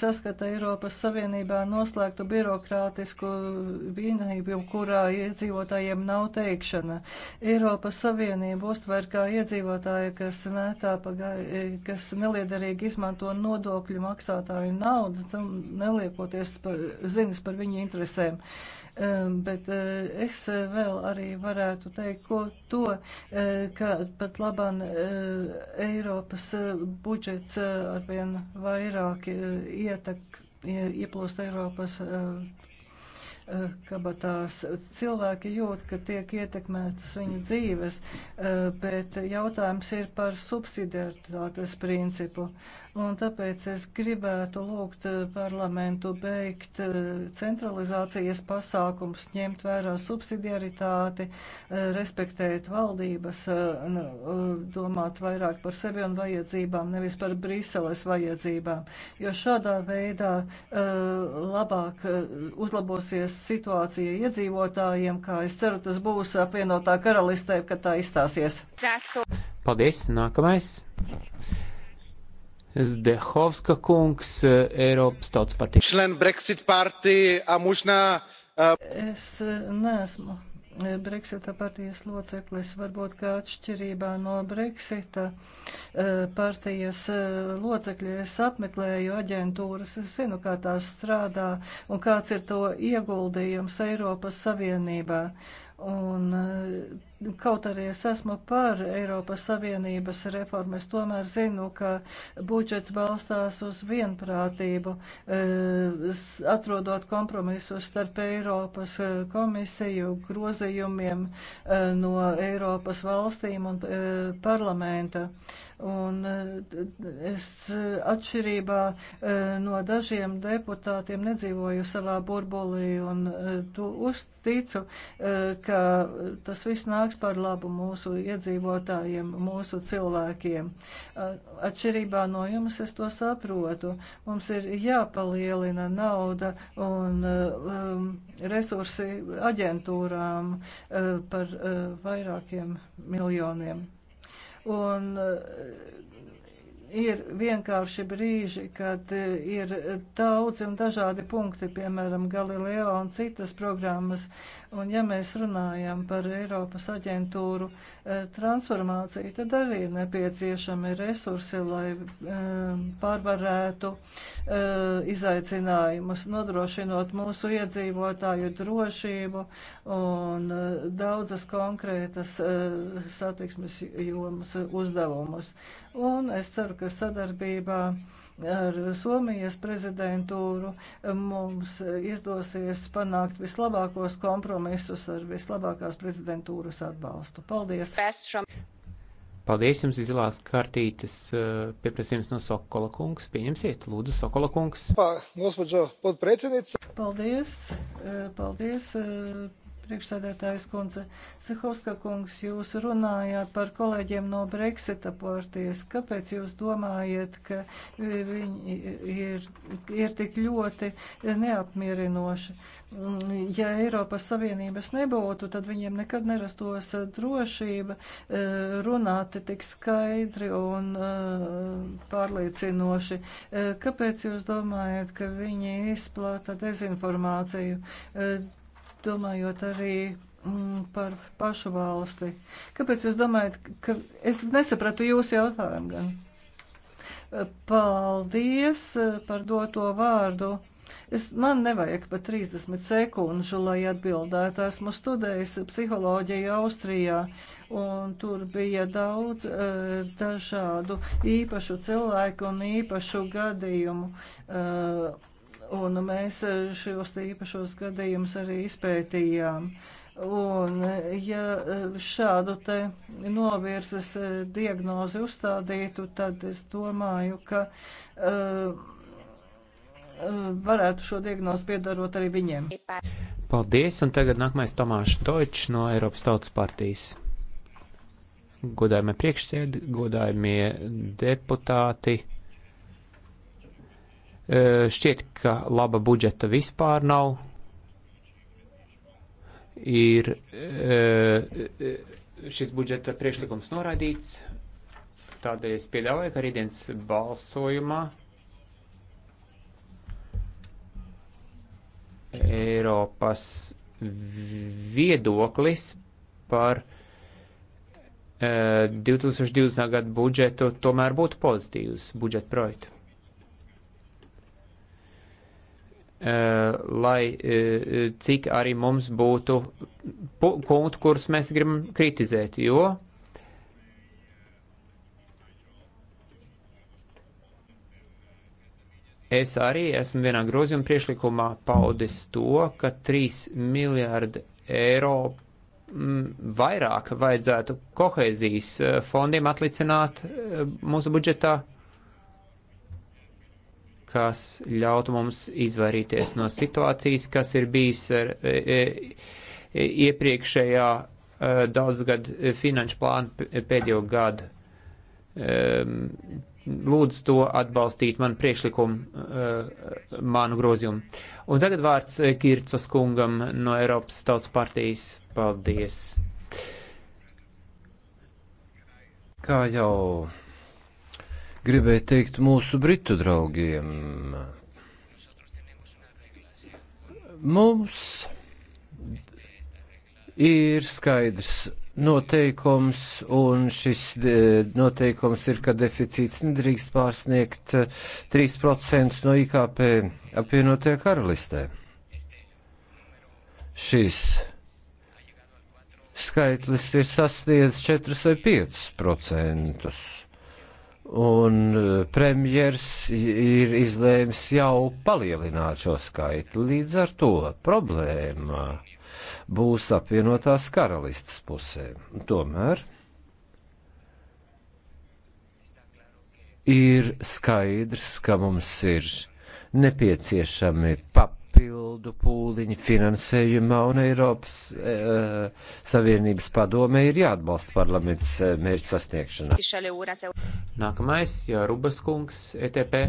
saskata Eiropas Savienībā noslēgtu birokrātisku vienību, kurā iedzīvotājiem nav teikšana. Eiropas Savienība uztver kā iedzīvotāja, kas mētā, pagai, kas neliederīgi izmanto nodokļu maksātāju naudu, neliekoties par, zinas par viņu interesēm. Uh, Bet eh, es eh, vēl arī varētu teikt ko to, eh, ka pat labāk Eiropas budžets arvien vairāk ietek, ieplūst Eiropas kabatās. Cilvēki jūt, ka tiek ietekmētas viņu dzīves, bet jautājums ir par subsidiaritātes principu. Un tāpēc es gribētu lūgt eh, parlamentu beigt eh, centralizācijas pasākums, ņemt vērā subsidiaritāti, eh, respektēt valdības, domāt vairāk par sevi un vajadzībām, nevis par Briseles vajadzībām. Jo šādā veidā labāk uzlabosies situācija iedzīvotājiem, kā es ceru, tas būs apvienotā karalistē, kad tā izstāsies. Paldies, nākamais. Zdehovska kungs, eh, Eiropas tautas partija. Člen Brexit partija, a možná. Uh... Es neesmu eh, Brexita partijas loceklis, varbūt kā atšķirībā no Brexita partijas locekļa, es apmeklēju aģentūras, es zinu, kā tās strādā un kāds ir to ieguldījums Eiropas Savienībā. Un Kaut arī es esmu par Eiropas Savienības reformu, es tomēr zinu, ka budžets balstās uz vienprātību, eh, atrodot kompromisus starp Eiropas eh, komisiju, grozījumiem eh, no Eiropas valstīm un parlamenta. Un es atšķirībā no dažiem deputātiem nedzīvoju savā burbulī un tu uzticu, ka tas viss nāk nāks par labu mūsu iedzīvotājiem, mūsu cilvēkiem. Atšķirībā no jums es to saprotu. Mums ir jāpalielina nauda un um, resursi aģentūrām uh, par uh, vairākiem miljoniem. Un, uh, ir vienkārši brīži, kad ir daudz un dažādi punkti, piemēram, Galileo un citas programmas, Un ja mēs runājam par Eiropas aģentūru eh, transformāciju, tad arī ir nepieciešami resursi, lai eh, pārvarētu eh, izaicinājumus, nodrošinot mūsu iedzīvotāju drošību un daudzas konkrētas satiksmes jomas uzdevumus. Un es ceru, ka sadarbībā Ar Somijas prezidentūru eh, mums eh, izdosies panākt vislabākos kompromisus ar vislabākās prezidentūras atbalstu. Paldies! Paldies jums izilās kartītes eh, pieprasījums no Sokola kungs. Pieņemsiet, lūdzu, Sokola kungs. Paldies, paldies priekšsēdētājs kundze. Sahovska kungs, jūs runājāt par kolēģiem no Brexita porties. Kāpēc jūs domājat, ka viņi ir, ir tik ļoti neapmierinoši? Ja Eiropas Savienības nebūtu, tad viņiem nekad nerastos drošība eh, runāt tik skaidri un eh, pārliecinoši. Eh, kāpēc jūs domājat, ka viņi izplata dezinformāciju? domājot arī mm, par pašu valsti. Kāpēc jūs domājat, ka es nesapratu jūsu jautājumu gan? Paldies eh, par doto vārdu. Es, man nevajag pat 30 sekundžu, lai atbildētu. Esmu studējis psiholoģiju Austrijā, un tur bija daudz uh, dažādu īpašu cilvēku un īpašu gadījumu. Uh, Un mēs e, šos īpašos gadījumus arī izpētījām. Un, ja e, šādu te novirzes e, diagnozi uzstādītu, tad es domāju, ka uh, varētu šo diagnozi piedarot arī viņiem. Paldies, un tagad nākamais Tomāšs Toičs no Eiropas Tautas partijas. Godājumie priekšsēdi, godājumie deputāti Eh, šķiet, ka laba budžeta vispār nav. Ir eh, šis budžeta priekšlikums noraidīts, tādēļ es piedāvāju, ka rītdienas balsojumā Eiropas viedoklis par 2020. Eh, gadu budžetu tomēr būtu pozitīvs budžeta projekts. Eh, lai eh, cik arī mums būtu punkti, kurus mēs gribam kritizēt, jo es arī esmu vienā grozījuma priešlikumā paudis to, ka 3 miljārdi eiro mm, vairāk vajadzētu kohēzijas eh, fondiem atlicināt mūsu budžetā kas ļautu mums izvairīties no situācijas, kas ir bijis ar, e, e, iepriekšējā e, daudzgad finanšu plānu e, pēdējo gadu. E, lūdzu to atbalstīt man priekšlikumu, e, manu grozījumu. Un tagad vārds Kircas kungam no Eiropas Tautas partijas. Paldies! Kā jau gribēju teikt mūsu britu draugiem. Mums ir skaidrs noteikums, un šis e, noteikums ir, ka deficīts nedrīkst pārsniegt 3% e, no IKP apvienotajā karalistē. Šis skaitlis ir sasniedzis 4 vai 5 procentus un eh, premjers ir izlēmis jau palielināt šo skaitu. Līdz ar to problēma būs apvienotās karalistas pusē. Tomēr ir skaidrs, ka mums ir nepieciešami papildinājumi papildu pūliņi finansējumā un Eiropas e, Savienības padomē ir jāatbalsta parlaments mērķu sasniegšanā. Nākamais, Rubas kungs, ETP.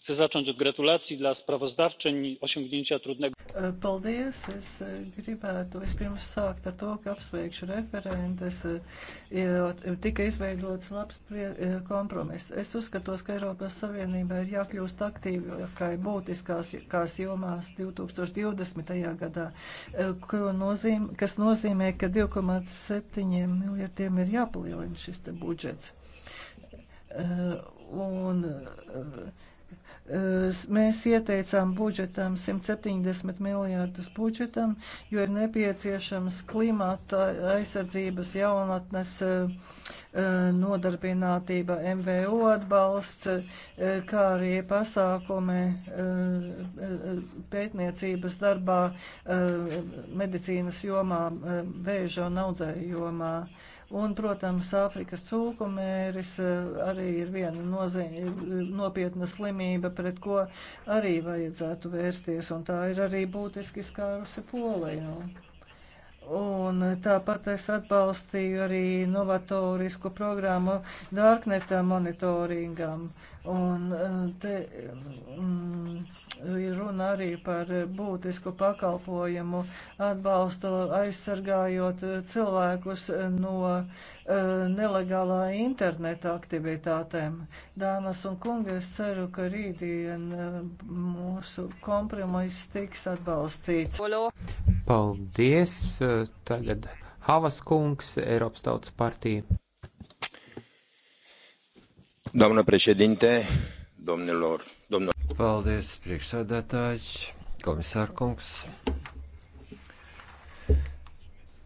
Chcę zacząć od gratulacji dla sprawozdawczyni osiągnięcia trudnego. E, paldies! Es e, gribētu vispirms sākt ar to, ka apsveikšu referentes, e, jo tika izveidots labs kompromiss. Es uzskatos, ka Eiropas Savienībai ir jākļūst aktīvākai būtiskās jomās 2020. gadā, nozīm, kas nozīmē, ka 2,7 miljardiem ir jāpalielina šis budžets. Un, Mēs ieteicām budžetam 170 miljārdus budžetam, jo ir nepieciešams klimata aizsardzības jaunatnes nodarbinātība, MVO atbalsts, kā arī pasākumi pētniecības darbā medicīnas jomā, vēža un audzēju jomā. Un, protams, Āfrikas cūkumēris eh, arī ir viena nozīme, nopietna slimība, pret ko arī vajadzētu vērsties, un tā ir arī būtiski skārusi Poliju. Un eh, tāpat es atbalstīju arī novatorisku programmu Darkneta monitoringam Un eh, te mm, ir runa arī par būtisku pakalpojumu atbalstu, aizsargājot cilvēkus eh, no eh, nelegālā interneta aktivitātēm. Dāmas un kungi, es ceru, ka rītdien mūsu kompromiss tiks atbalstīts. Paldies! Tagad Havas kungs, Eiropas Tautas partija. Doamnă președinte, domnilor, domnilor. Paldies, priekšsēdētāji, komisārkungs,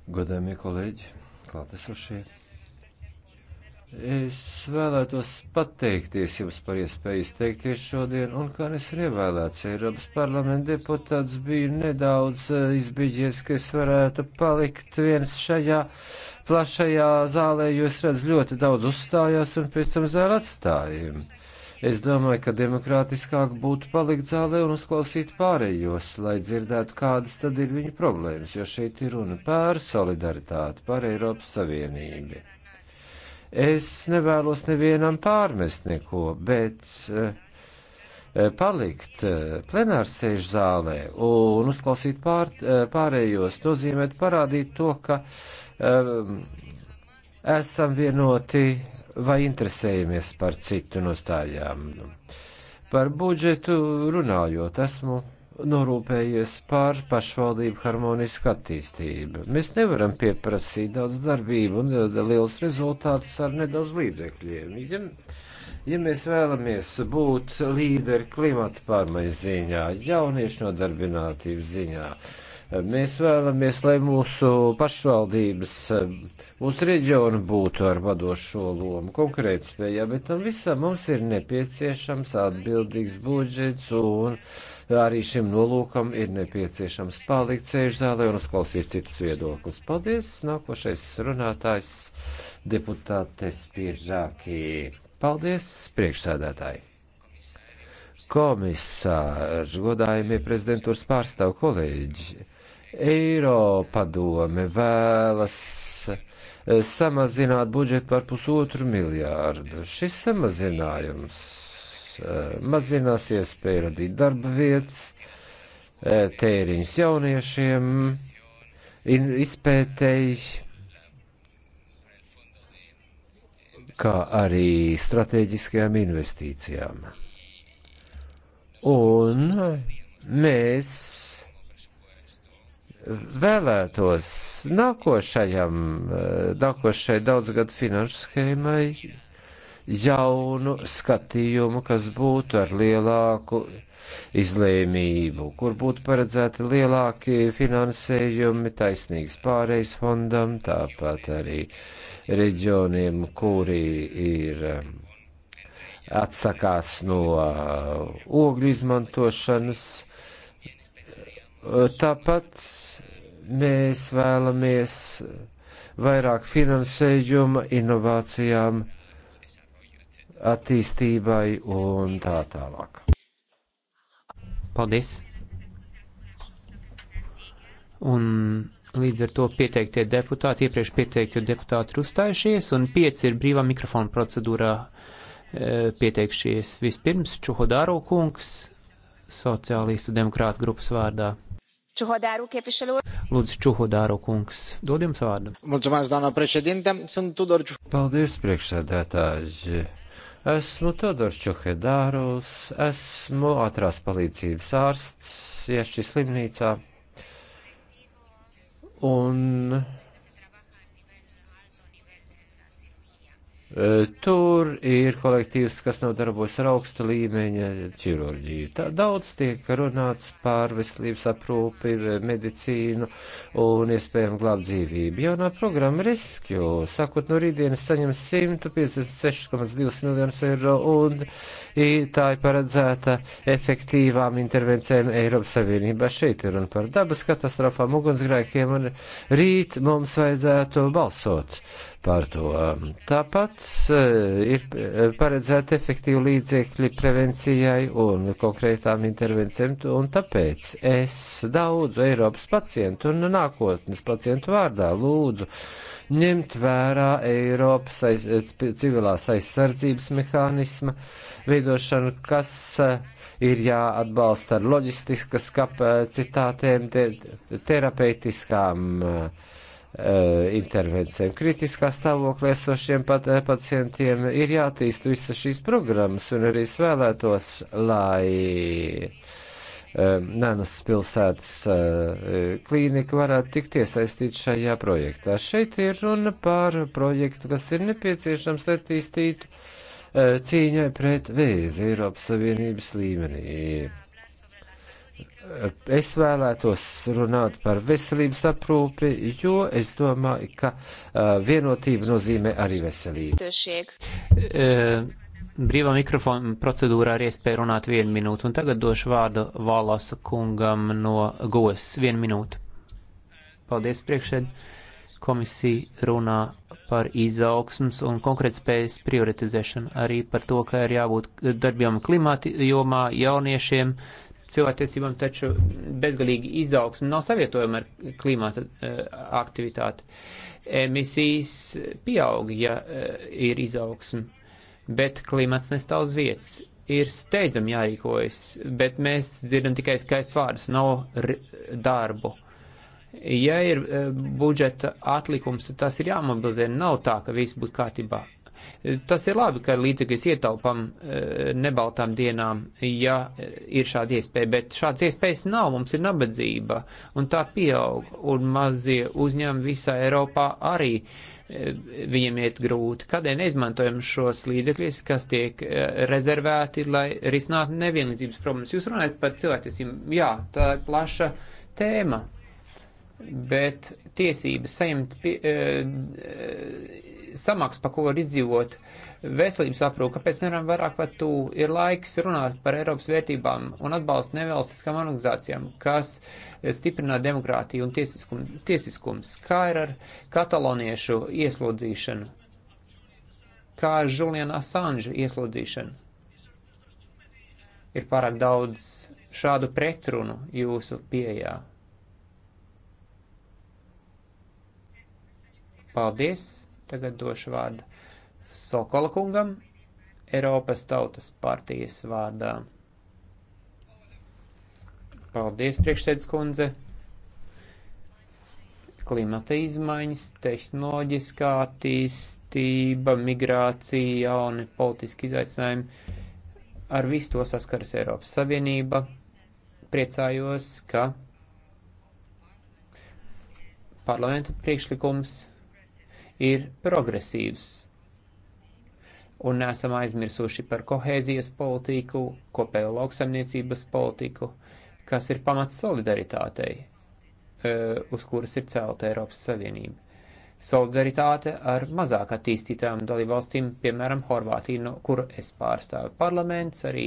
godāmie kolēģi, klātesošie. Es vēlētos pateikties jums par iespēju izteikties šodien, un kā es ir ievēlēts Eiropas parlamenta deputāts, biju nedaudz e, izbīģies, ka es varētu palikt viens šajā plašajā zālē, jo es redzu ļoti daudz uzstājās un pēc tam zāli atstājiem. Es domāju, ka demokrātiskāk būtu palikt zālē un uzklausīt pārējos, lai dzirdētu, kādas tad ir viņu problēmas, jo šeit ir runa par solidaritāti, par Eiropas Savienību. Es nevēlos nevienam pārmest neko, bet eh, eh, palikt eh, plenārsēžu zālē un uzklausīt pār, pārējos nozīmē parādīt to, ka um, esam vienoti vai interesējamies par citu nostājām. Par budžetu runājot, esmu norūpējies par pašvaldību harmonisku attīstību. Mēs nevaram pieprasīt daudz darbību un eh, liels rezultātus ar nedaudz līdzekļiem. Ja, ja mēs vēlamies būt līderi klimata pārmaiņu ziņā, jauniešu nodarbinātību ziņā, mēs vēlamies, lai mūsu pašvaldības, eh, mūsu reģiona būtu ar vadošo lomu konkrētspējā, bet tam visam mums ir nepieciešams atbildīgs budžets un uh, arī šim nolūkam ir nepieciešams palikt sēžzālē un uzklausīt citus viedokļus. Paldies! Nākošais runātājs deputātes Piržākī. Paldies, priekšsēdētāji! Komisārs, godājumie prezidentūras pārstāv kolēģi, Eiropadome vēlas eh, samazināt budžetu par pusotru miljārdu. Šis samazinājums Eh, mazinās iespēja radīt darba vietas, eh, tēriņus jauniešiem, izpētēji, kā arī strateģiskajām investīcijām. Un mēs vēlētos nākošajam, eh, nākošai daudzgadu finanšu schēmai jaunu skatījumu, kas būtu ar lielāku izlēmību, kur būtu paredzēti lielāki finansējumi taisnīgs pārejas fondam, tāpat arī reģioniem, kuri ir um, atsakās no uh, ogļu izmantošanas. Uh, tāpat mēs vēlamies vairāk finansējuma inovācijām attīstībai un tā tālāk. Paldies! Un līdz ar to pieteiktie deputāti, iepriekš pieteiktie deputāti ir uzstājušies, un pieci ir brīvā mikrofona procedūrā e, pieteikšies. Vispirms Čuhodāro kungs, sociālistu demokrātu grupas vārdā. Čuhodāru képviselő. Lūdzu, Čuhodāru kungs, dod jums vārdu. Mulțumesc, doamna președinte, sunt Tudor Čuhodāru. Paldies, priekšsēdētāji. Esmu Todors Čuhedāros, esmu ātrās palīdzības ārsts, iešķi slimnīcā. Un E, tur ir kolektīvs, kas nodarbojas ar augsta līmeņa ķirurģiju. Tā daudz tiek runāts par veselības aprūpi, medicīnu un iespējami glābt dzīvību. Jaunā programma Rescue, sakot, no rītdienas saņem 156,2 miljonus eiro un tā ir paredzēta efektīvām intervencēm Eiropas Savienībā. Šeit ir runa par dabas katastrofām, ugunsgrēkiem un rīt mums vajadzētu balsot. Uh, par to. Tāpat e, ir e, paredzēta efektīva līdzekļi prevencijai un konkrētām intervencijām, un tāpēc es daudzu Eiropas pacientu un nākotnes pacientu vārdā lūdzu ņemt vērā Eiropas aiz, e, civilās aizsardzības mehānisma veidošanu, kas ir jāatbalsta ar loģistiskas kapacitātēm, te, terapeitiskām uh, Eh, intervencēm kritiskā stāvoklī esošiem eh, pacientiem ir jātīst visas šīs programmas, un arī es vēlētos, lai eh, Nenas pilsētas klīnika varētu tikt iesaistīt šajā projektā. Šeit ir runa par projektu, kas ir nepieciešams, lai attīstītu cīņai pret vēzi Eiropas Savienības līmenī. Es vēlētos runāt par veselības aprūpi, jo es domāju, ka vienotība nozīmē arī veselību. Brīvā mikrofona procedūrā ir iespēja runāt vienu minūtu, un tagad došu vārdu Valasa kungam no GOS. Vienu minūtu. Paldies priekšēd. Komisija runā par izaugsmas un konkrētspējas prioritizēšanu, arī par to, ka ir jābūt darbiem klimāti jomā jauniešiem. Uh, cilvēktiesībām, taču bezgalīgi izaugsme nav savietojama ar klimata eh, aktivitāti. Emisijas pieaug, ja eh, ir izaugsme, bet klimats nestāv uz vietas. Ir steidzami jārīkojas, bet mēs dzirdam tikai skaists vārdus, nav darbu. Ja ir eh, budžeta atlikums, tad tas ir jāmobilizē. Nav tā, ka viss būtu kārtībā. Tas ir labi, ka līdzīgais ietaupam e, nebaltām dienām, ja ir šāda iespēja, bet šāds iespējas nav, mums ir nabadzība, un tā pieaug, un mazie uzņēmumi visā Eiropā arī e, viņiem iet grūti. Kādēļ neizmantojam šos līdzekļus, kas tiek e, rezervēti, lai risinātu nevienlīdzības problēmas? Jūs runājat par cilvēktiesību, jā, tā ir plaša tēma, bet tiesības saņemt pie, e, e, samaksu, pa ko var izdzīvot veselības aprūpe, kāpēc nevaram vairāk par to. Ir laiks runāt par Eiropas vērtībām un atbalstu nevalstiskām organizācijām, kas stiprinā demokrātiju un tiesiskum, tiesiskums. Kā ir ar kataloniešu ieslodzīšanu? Kā ar Juliana Assange ieslodzīšanu? Ir pārāk daudz šādu pretrunu jūsu pieejā. Paldies! Tagad došu vārdu Sokola kungam, Eiropas Tautas partijas vārdā. Paldies, priekšsēdus kundze! Klimata izmaiņas, tehnoloģiskā attīstība, migrācija, jauni politiski izaicinājumi. Ar visu to saskaras Eiropas Savienība. Priecājos, ka parlamenta priekšlikums ir progresīvs. Un nesam aizmirsuši par kohēzijas politiku, kopējo lauksaimniecības politiku, kas ir pamats solidaritātei, e, uz kuras ir celta Eiropas Savienība. Solidaritāte ar mazāk attīstītām dalībvalstīm, piemēram, Horvātiju, no kura es pārstāvu. Parlaments arī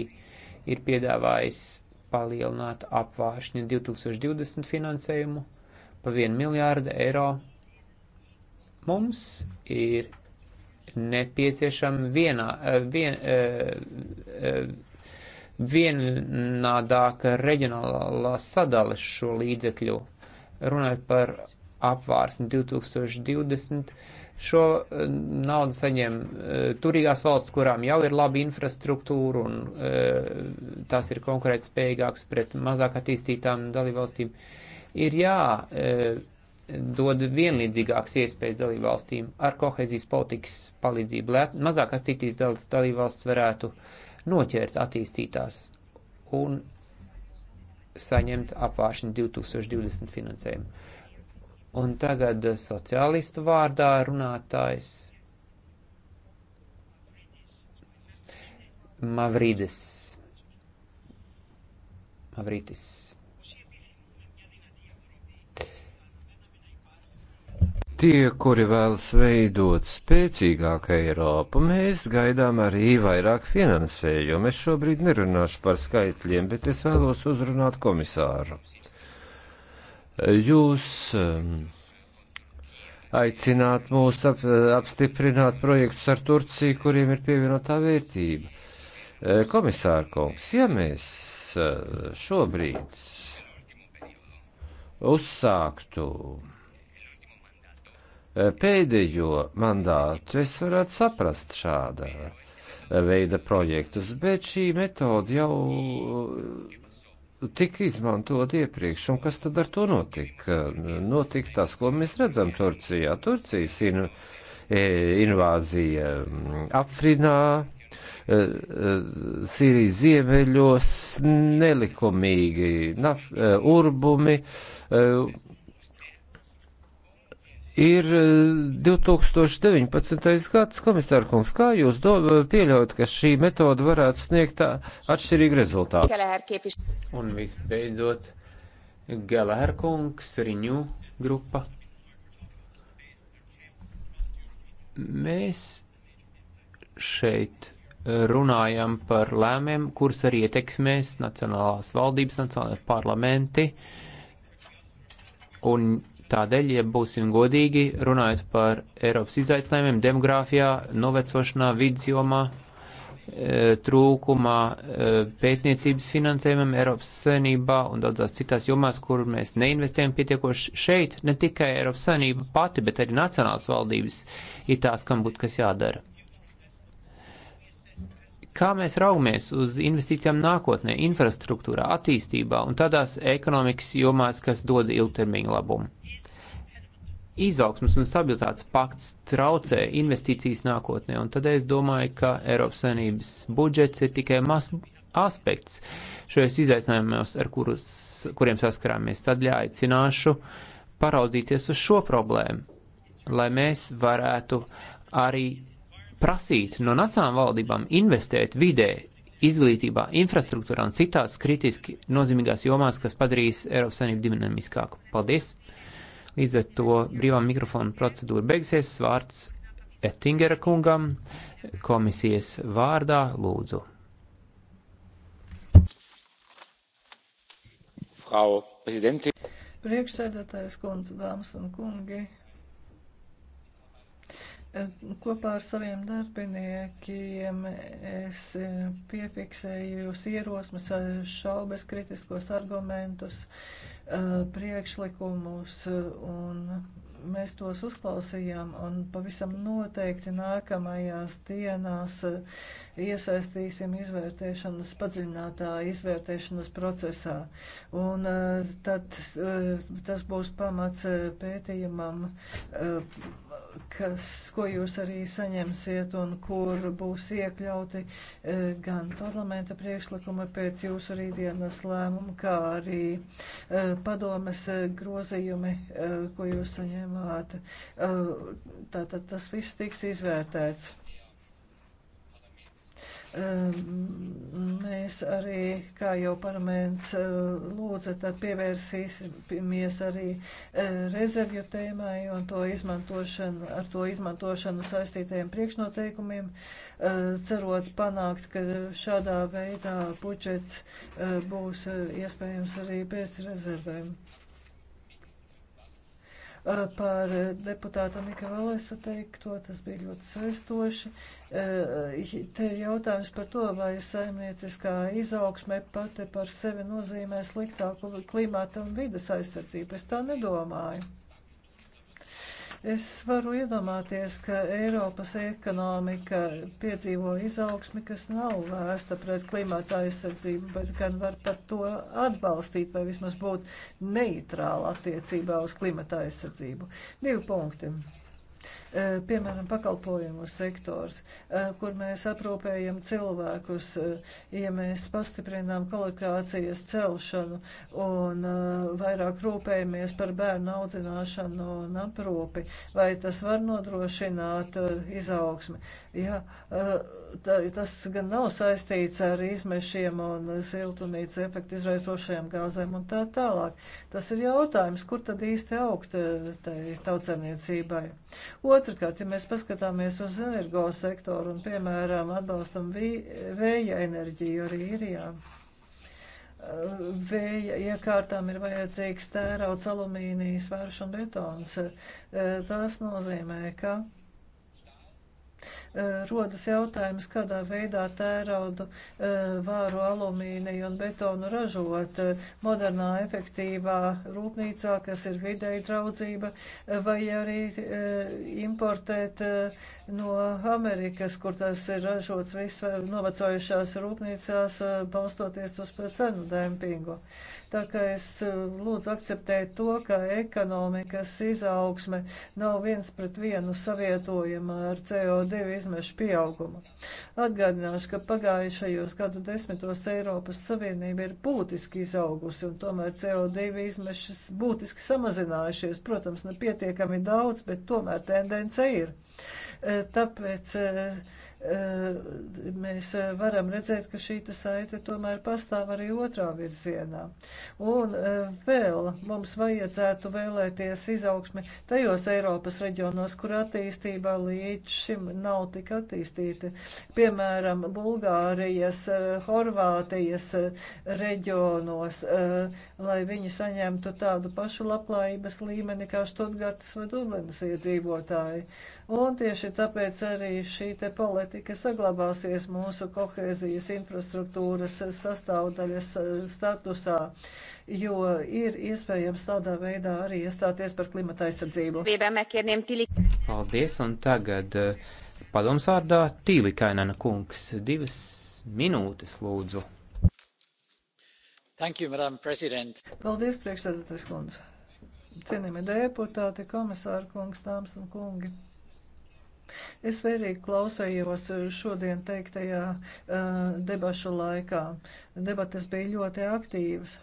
ir piedāvājis palielināt apvāršņu 2020 finansējumu pa 1 miljārdu eiro Mums ir nepieciešama vienā, eh, vien, eh, eh, vienādāka reģionālā sadale šo līdzekļu. Runājot par apvārsni 2020, šo naudu saņem turīgās valsts, kurām jau ir laba infrastruktūra un tās ir konkurētspējīgākas pret mazāk attīstītām dalībvalstīm. Ir jā, dod vienlīdzīgākas iespējas dalībvalstīm. Ar kohezijas politikas palīdzību mazāk attīstīs dalībvalsts varētu noķert attīstītās un saņemt apvāršņu 2020 finansējumu. Un tagad sociālistu vārdā runātājs Mavrides. Mavritis. Tie, kuri vēlas veidot spēcīgāku Eiropu, mēs gaidām arī vairāk finansējumu. Es šobrīd nerunāšu par skaitļiem, bet es vēlos uzrunāt komisāru. Jūs um, aicināt mūs ap, apstiprināt projektus ar Turciju, kuriem ir pievienotā vērtība. E, Komisārkungs, ja mēs e, šobrīd uzsāktu Eh, pēdējo mandātu, es varētu saprast šādā eh, veida projektus, bet šī metode jau eh, tika izmantot iepriekš, un kas tad ar to notika? Notika tas, ko mēs redzam Turcijā. Turcijas in, invāzija mm, Afrinā, Sīrijas ziemeļos, nelikumīgi naf, urbumi, ir 2019. E, gads, komisāra kungs, kā jūs e, pieļaut, ka šī metoda varētu sniegt atšķirīgu rezultātu? Un visbeidzot, Gelēr kungs, Riņu grupa. Mēs šeit runājam par lēmiem, kurus arī ietekmēs nacionālās valdības, nacionālās parlamenti. Un Tādēļ, ja būsim godīgi, runājot par Eiropas izaicinājumiem, demogrāfijā, novecošanā, vidas jomā, e, trūkumā e, pētniecības finansējumam Eiropas Savienībā un daudzās citās jomās, kur mēs neinvestējam pietiekoši šeit, ne tikai Eiropas Savienība pati, bet arī nacionālās valdības ir tās, kam būtu kas jādara. Kā mēs raugamies uz investīcijām nākotnē, infrastruktūrā, attīstībā un tādās ekonomikas jomās, kas dod ilgtermiņa labumu? izaugsmas un stabilitātes pakts traucē investīcijas nākotnē, un tad es domāju, ka Eiropas Savienības budžets ir tikai mazs aspekts šajos izaicinājumos, ar kurus, kuriem saskarāmies. Tad ļaicināšu paraudzīties uz šo problēmu, lai mēs varētu arī prasīt no nacionālām valdībām investēt vidē, izglītībā, infrastruktūrā un citās kritiski nozīmīgās jomās, kas padarīs Eiropas Savienību dinamiskāku. Paldies! Līdz ar to brīvā mikrofona procedūra beigsies. Vārds Ettingera kungam komisijas vārdā lūdzu. Frau Prezidentin. Priekšsēdētājs kundze, dāmas un kungi, kopā ar saviem darbiniekiem es piefiksēju jūs ierosmes, šaubas, kritiskos argumentus Uh, priekšlikumus uh, un mēs tos uzklausījām, un pavisam noteikti nākamajās dienās uh, iesaistīsim izvērtēšanas, padziļinātā izvērtēšanas procesā. Un tad tas būs pamats pētījumam kas, ko jūs arī saņemsiet un kur būs iekļauti e, gan parlamenta priekšlikumi pēc jūsu rītdienas lēmumu, kā arī e, padomes e, grozījumi, ko jūs saņēmāt. Tātad tas viss tiks izvērtēts. Ehm, mēs arī, kā jau parlaments eh, lūdza, tad pievērsīsimies arī eh, rezervju tēmai un to izmantošanu, ar to izmantošanu saistītajiem priekšnoteikumiem, eh, cerot panākt, ka šādā veidā budžets būs iespējams arī pēc rezervēm. Eh, par eh, deputāta Mika Valesa teikto, tas bija ļoti saistoši. Eh, te ir jautājums par to, vai saimnieciskā izaugsme pati par sevi nozīmē sliktāku klimātu un vidas aizsardzību. Es tā nedomāju. Es varu iedomāties, ka Eiropas ekonomika piedzīvo izaugsmi, kas nav vērsta pret klimata aizsardzību, bet gan var pat to atbalstīt vai vismaz būt neitrāla attiecībā uz klimata aizsardzību. Divi punkti. Eh, piemēram, pakalpojumu sektors, eh, kur mēs aprūpējam cilvēkus, eh, ja mēs pastiprinām kolokācijas celšanu un vairāk rūpējamies par bērnu audzināšanu un aprūpi, vai tas var nodrošināt izaugsmi? Jā, tas gan nav saistīts ar izmešiem un siltumnīca efektu izraisošajām gāzēm un tā tālāk. Tas ir jautājums, kur tad īsti augt tautsēmniecībai. Otrakārt, ja mēs paskatāmies uz energosektoru un, piemēram, atbalstam vēja enerģiju arī Irijā, vēja iekārtām ir vajadzīgs tērauts alumīnijas, vērš un betons. Eh, tas nozīmē, ka Eh, rodas jautājums, kādā veidā tēraudu, eh, vāru, alumīniju un betonu ražot modernā, efektīvā rūpnīcā, kas ir videi draudzība, eh, vai arī importēt no Amerikas, kur tas ir ražots viss novecojušās rūpnīcās, balstoties uz cenu dempingu. Tā kā es eh, lūdzu akceptēt to, ka ekonomikas izaugsme nav viens pret vienu savietojama ar CO2 izmešu pieaugumu. Atgādināšu, ka pagājušajos gadu desmitos Eiropas Savienība ir būtiski izaugusi un tomēr CO2 izmešas būtiski samazinājušies. Protams, nepietiekami daudz, bet tomēr tendence ir. Eh, tāpēc eh, Eh, mēs eh, varam redzēt, ka šī saite tomēr pastāv arī otrā virzienā. Un eh, vēl mums vajadzētu vēlēties izaugsmi tajos Eiropas reģionos, kur attīstībā līdz šim nav tik attīstīti. Piemēram, Bulgārijas, Horvātijas reģionos, lai viņi saņemtu tādu pašu labklājības līmeni kā Štutgartas vai Dublinas iedzīvotāji. Un tieši tāpēc arī šī te politika uzskati, ka saglabāsies mūsu kohēzijas infrastruktūras sastāvdaļas eh, statusā, jo ir iespējams tādā veidā arī iestāties par klimata aizsardzību. Paldies, un tagad eh, padoms vārdā Tīlikainana kungs. Divas minūtes, lūdzu. Thank you, Madam President. Paldies, priekšsēdētājs kundze. Cienījamie deputāti, komisāri kungs, dāmas un kungi. Es vērīgi klausējos šodien teiktajā debašu laikā. Debates bija ļoti aktīvas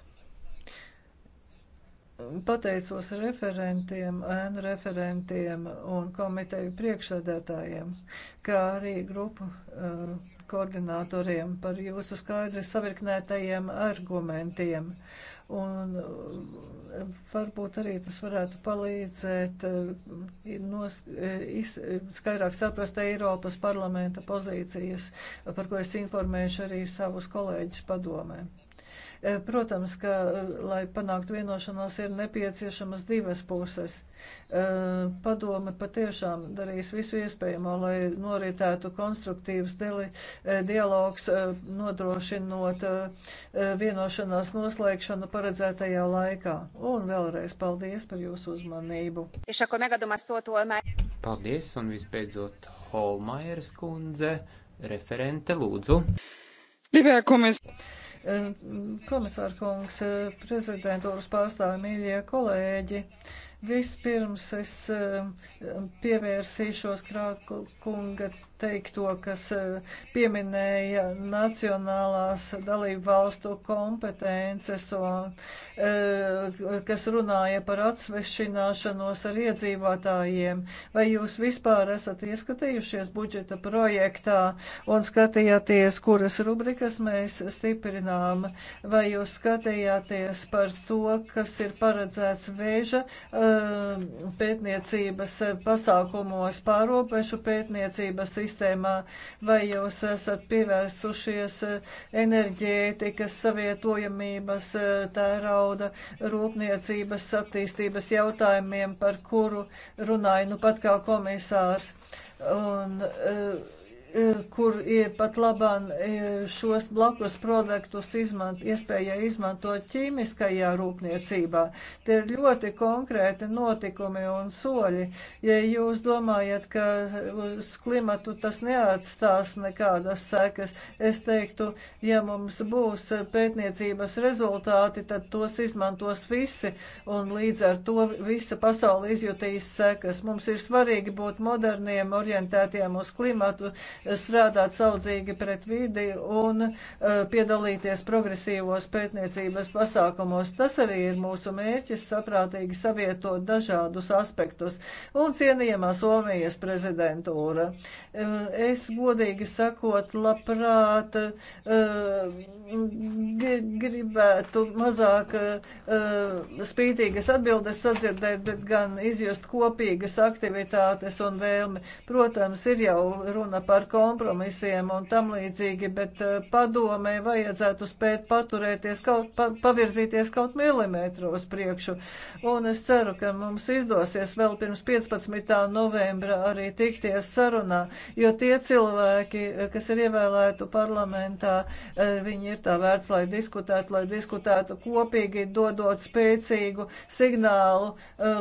pateicos referentiem, ēnu referentiem un komiteju priekšsēdētājiem, kā arī grupu uh, koordinatoriem par jūsu skaidri savirknētajiem argumentiem. Uh, un eh, varbūt arī tas varētu palīdzēt eh, nos, eh, iz, skaidrāk saprast Eiropas parlamenta pozīcijas, par ko es informēšu arī savus kolēģus padomē. E, protams, ka, e, lai panāktu vienošanos, ir nepieciešamas divas puses. E, padome patiešām darīs visu iespējamo, lai noritētu konstruktīvs deli, dialogs, nodrošinot vienošanās noslēgšanu paredzētajā laikā. Un vēlreiz paldies par jūsu uzmanību. Paldies, un visbeidzot Holmajeras kundze, referente lūdzu. Libē, komis... Komisārkungs, eh, prezidentūras pārstāvi, mīļie kolēģi, vispirms es pievērsīšos Krākunga teikto, kas eh, pieminēja nacionālās dalību valstu kompetences un eh, kas runāja par atsvešināšanos ar iedzīvotājiem. Vai jūs vispār esat ieskatījušies budžeta projektā un skatījāties, kuras rubrikas mēs stiprinām? Vai jūs skatījāties par to, kas ir paredzēts vēža eh, pētniecības pasākumos, pārobežu pētniecības sistēmā, vai jūs esat pievērsušies enerģētikas, savietojamības, eh, tērauda, rūpniecības, attīstības jautājumiem, par kuru runāja nu pat kā komisārs. Un, uh, Eh, kur ir pat labāk eh, šos blakus produktus izmant, iespēja izmantot ķīmiskajā rūpniecībā. Tie ir ļoti konkrēti notikumi un soļi. Ja jūs domājat, ka uz klimatu tas neatstās nekādas sekas, es teiktu, ja mums būs pētniecības rezultāti, tad tos izmantos visi un līdz ar to visa pasaule izjutīs sekas. Mums ir svarīgi būt moderniem, orientētiem uz klimatu strādāt saudzīgi pret vidi un e, piedalīties progresīvos pētniecības pasākumos. Tas arī ir mūsu mērķis saprātīgi savietot dažādus aspektus. Un cienījamā Somijas prezidentūra. E, es godīgi sakot, labprāt e, gribētu mazāk spītīgas atbildes sadzirdēt, bet gan izjust kopīgas aktivitātes un vēlmi. Protams, ir jau runa par kompromisiem un tam līdzīgi, bet eh, padomē vajadzētu spēt paturēties kaut, pa, pavirzīties kaut milimetru uz priekšu. Un es ceru, ka mums izdosies vēl pirms 15. novembra arī tikties sarunā, jo tie cilvēki, eh, kas ir ievēlēti parlamentā, eh, viņi ir tā vērts, lai diskutētu, lai diskutētu kopīgi, dodot spēcīgu signālu,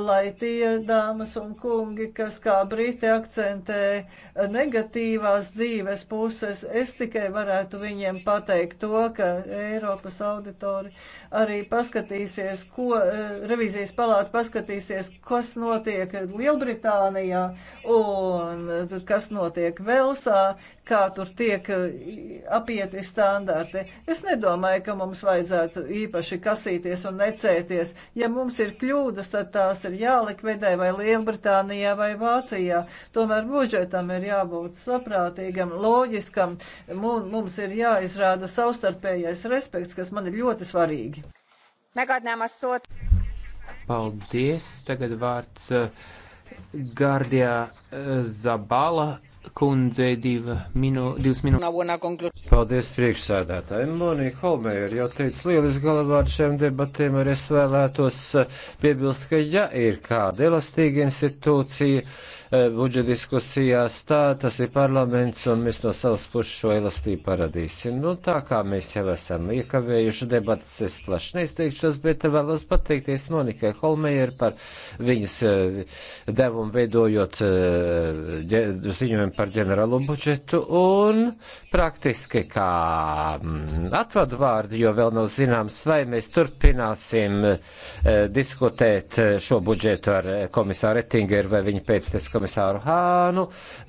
lai tie dāmas un kungi, kas kā briti akcentē negatīvās savas dzīves puses. Es tikai varētu viņiem pateikt to, ka Eiropas auditori arī paskatīsies, ko eh, revizijas palāta paskatīsies, kas notiek Lielbritānijā un eh, kas notiek Velsā, kā tur tiek eh, apieti standarti. Es nedomāju, ka mums vajadzētu īpaši kasīties un necēties. Ja mums ir kļūdas, tad tās ir jālikvidē vai Lielbritānijā vai Vācijā. Tomēr budžetam ir jābūt saprātīgam, loģiskam. Mums ir jāizrāda savstarpējais respekts, kas man ir ļoti svarīgi. Megadnām asot. Paldies. Tagad vārds eh, Gardijā eh, Zabala kundze diva minu, divas minūtes. Paldies priekšsēdētājiem. Monija Holmēra jau teica lieliski galvā ar šiem debatēm, arī es vēlētos eh, piebilst, ka ja ir kāda elastīga institūcija, Eh, budžeta diskusijās, tā tas ir parlaments, un mēs no savas puses šo elastību parādīsim. Nu, tā kā mēs jau esam iekavējuši debatas, es plaši neizteikšos, bet vēlos pateikties Monikai Holmējer par viņas eh, devumu veidojot eh, ziņojumu par ģenerālo budžetu, un praktiski kā mm, atvadu vārdu, jo vēl nav zināms, vai mēs turpināsim diskutēt šo budžetu ar komisāru Ettingeru vai viņa pēc tam, komisāru Hānu.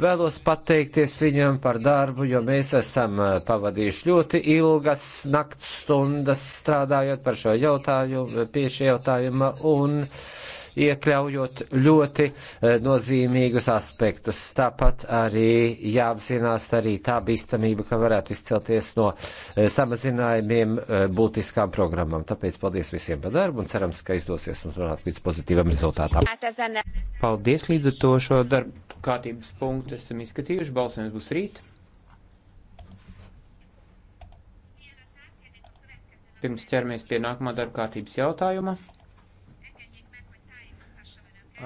Vēlos pateikties viņam par darbu, jo mēs esam eh, pavadījuši ļoti ilgas nakts stundas strādājot par šo jautājumu, pie šī jautājuma. Un, uh, iekļaujot ļoti eh, nozīmīgus aspektus. Tāpat arī jāapzinās arī tā bīstamība, ka varētu izcelties no eh, samazinājumiem eh, būtiskām programmām. Tāpēc paldies visiem par darbu un cerams, ka izdosies mums runāt līdz pozitīvam rezultātam. Paldies līdz ar to šo darbu kārtības punktu esam izskatījuši. Balsojums būs rīt. Pirms ķeramies pie nākamā darba kārtības jautājuma.